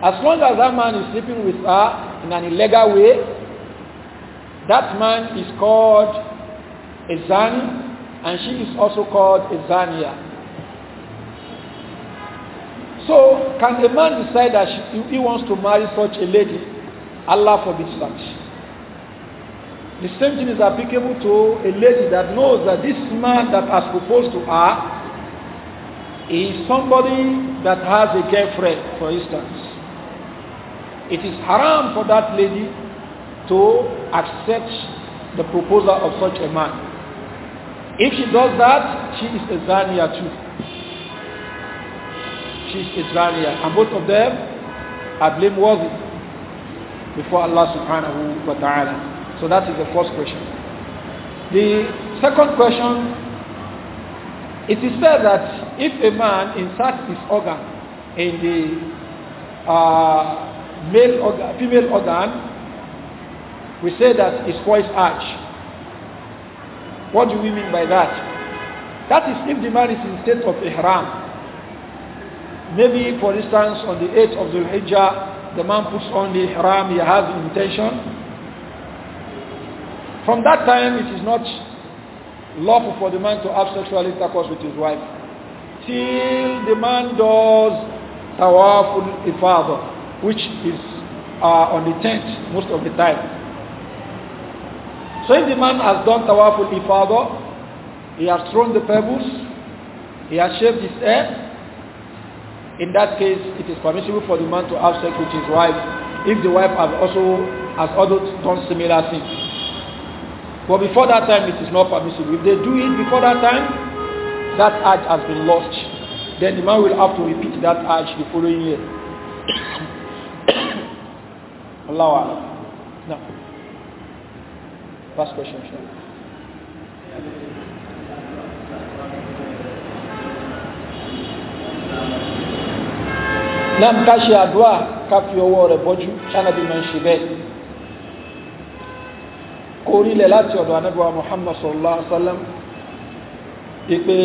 As long as that man is sleeping with her in an illegal way, that man is called a zani, and she is also called a zania. So, can a man decide that she, he wants to marry such a lady? Allah forbids such. The same thing is applicable to a lady that knows that this man that has proposed to her is somebody that has a girlfriend, for instance. It is haram for that lady to accept the proposal of such a man. If she does that, she is a zania too. She's a And both of them are blameworthy before Allah subhanahu wa ta'ala. So that is the first question. The second question, it is said that if a man inserts his organ in the uh, male organ, female organ, we say that it spoils arch. What do we mean by that? That is if the man is in state of ihram. Maybe, for instance, on the 8th of the Hijjah, the man puts on the haram. he has intention. From that time, it is not lawful for the man to have sexual intercourse with his wife. Till the man does tawaful ifadah, which is uh, on the 10th most of the time. So if the man has done tawaful ifadah, he has thrown the pebbles, he has shaved his hair, in that case it is permissible for the man to have sex with his wife if the wife has also has also done similar thing but before that time it is not permissible if they do it before that time that hajj has been lost then the man will have to repeat that hajj the following year Allah Allah now First question sure náà ká ṣe àdúrà ká fi ọwọ́ rẹ̀ bọ́jú ṣánàbí máa ń ṣe bẹ́ẹ̀ kó orílẹ̀ láti ọ̀dọ̀ anábíwá muhammad sallallahu alaihi wasallam ipe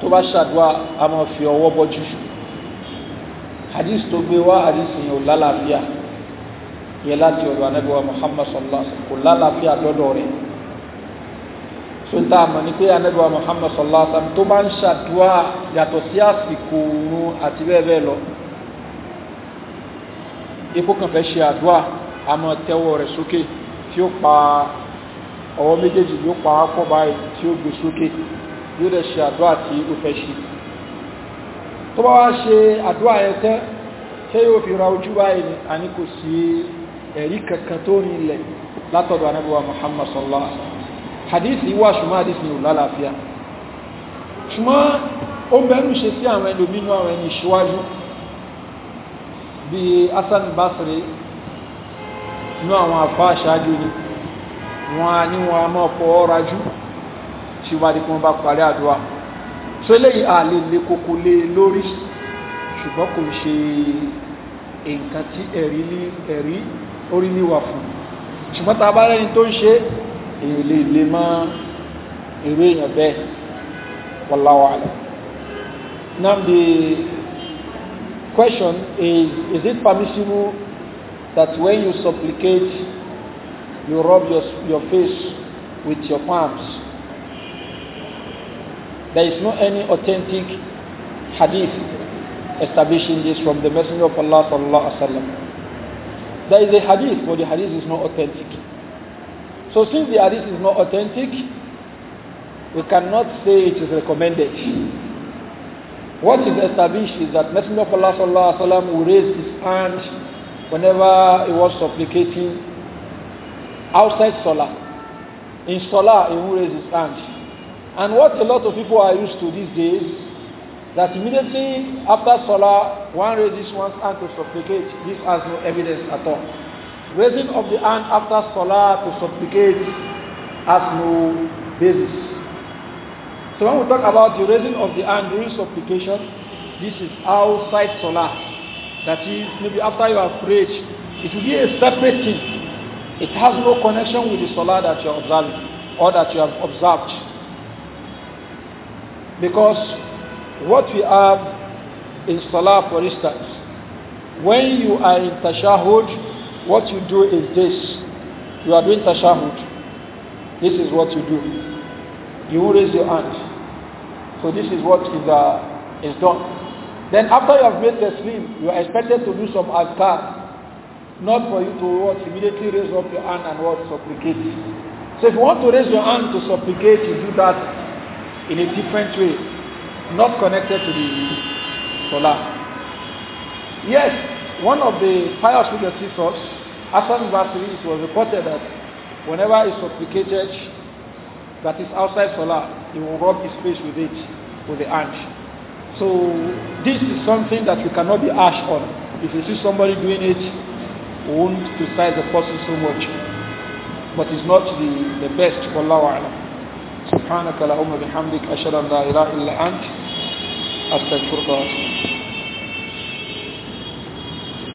tó bá ṣàdúrà a máa fi ọwọ́ bọ́jú hadith tó gbé wá hadith yẹn ò lálàáfíà yẹ láti ọ̀dọ̀ anábíwá muhammad sallallahu alaihi wasallam kò lálàáfíà lọ́dọ̀ rẹ̀ tó ń tá a pé anábíwá Muhammad sallallahu sallam tó bá ń ṣàdúrà yàtọ̀ sí àsìkò oorun àti bẹ́ẹ̀ bẹ́ẹ̀ lọ ipò kan fẹ́ ṣe àdúrà àmọ́ tẹ́wọ́ rẹ̀ sókè tí ó pa ọwọ́ méjèèjì ló pa ápọ̀ báyìí tí ó gbé sókè yóò dẹ̀ ṣe àdúrà tí ó fẹ́ ṣe tó bá wá ṣe àdúrà ẹ̀ tẹ́ ṣé yóò fi ra ojú báyìí ni a ní kò sí ẹ̀rí kankan tó rinlẹ̀ látọ̀dọ̀ anábíwá Muhammad sallallahu sallam hadisi wà ṣùgbọ́n hadisi ò lálàáfíà ṣùgbọ́n ó bẹ̀rù ṣe sí àwọn ẹlòmínú àwọn ẹni ṣíwájú bí Hasan Basri inú àwọn àfá aṣáájú ni wọn a ní wọn a máa fọ ọ́ra jù tí wọ́n di kí wọ́n bá parí àdúrà tó léyìí àlè lè kókó lé e lórí ṣùgbọ́n kò ṣe nǹkan tí ẹ̀rí orí níwà fún ṣùgbọ́n tá bá rẹ́ni tó ń ṣe èyí liman lè má irú èèyàn bẹ́ẹ̀ wallahu Now the question is, is it permissible that when you supplicate, you rub your, your face with your palms? There is no any authentic hadith establishing this from the Messenger of Allah sallallahu alaihi wasallam. There is a hadith, but the hadith is not authentic. So since the hadith is not authentic, we cannot say it is recommended. What is established is that Messenger of Allah sallallahu alaihi will raise his hand whenever he was supplicating outside Salah. In Salah, he will raise his hand. And what a lot of people are used to these days, that immediately after Salah, one raises one's hand to supplicate. This has no evidence at all. Raising of the hand after salah to supplicate has no basis. So when we talk about the raising of the hand during supplication, this is outside salah. That is, maybe after you have prayed, it will be a separate thing. It has no connection with the salah that you are observing or that you have observed. Because what we have in salah, for instance, when you are in tashahud, what you do is this. You are doing tashahud. This is what you do. You raise your hand. So this is what is, uh, is done. Then after you have made the taslim, you are expected to do some azkar. Not for you to what? Immediately raise up your hand and what? Supplicate. So if you want to raise your hand to supplicate, you do that in a different way. Not connected to the salah. Yes, one of the pious teachers Hassan Basri, it was reported that whenever he supplicated that is outside Salah, he will rub his face with it, with the hand. So this is something that we cannot be harsh on. If you see somebody doing it, we won't criticize the person so much. But it's not the, the best, for A'lam. سبحانك اللهم بحمدك أشهد أن لا إله إلا أنت أستغفرك وأتوب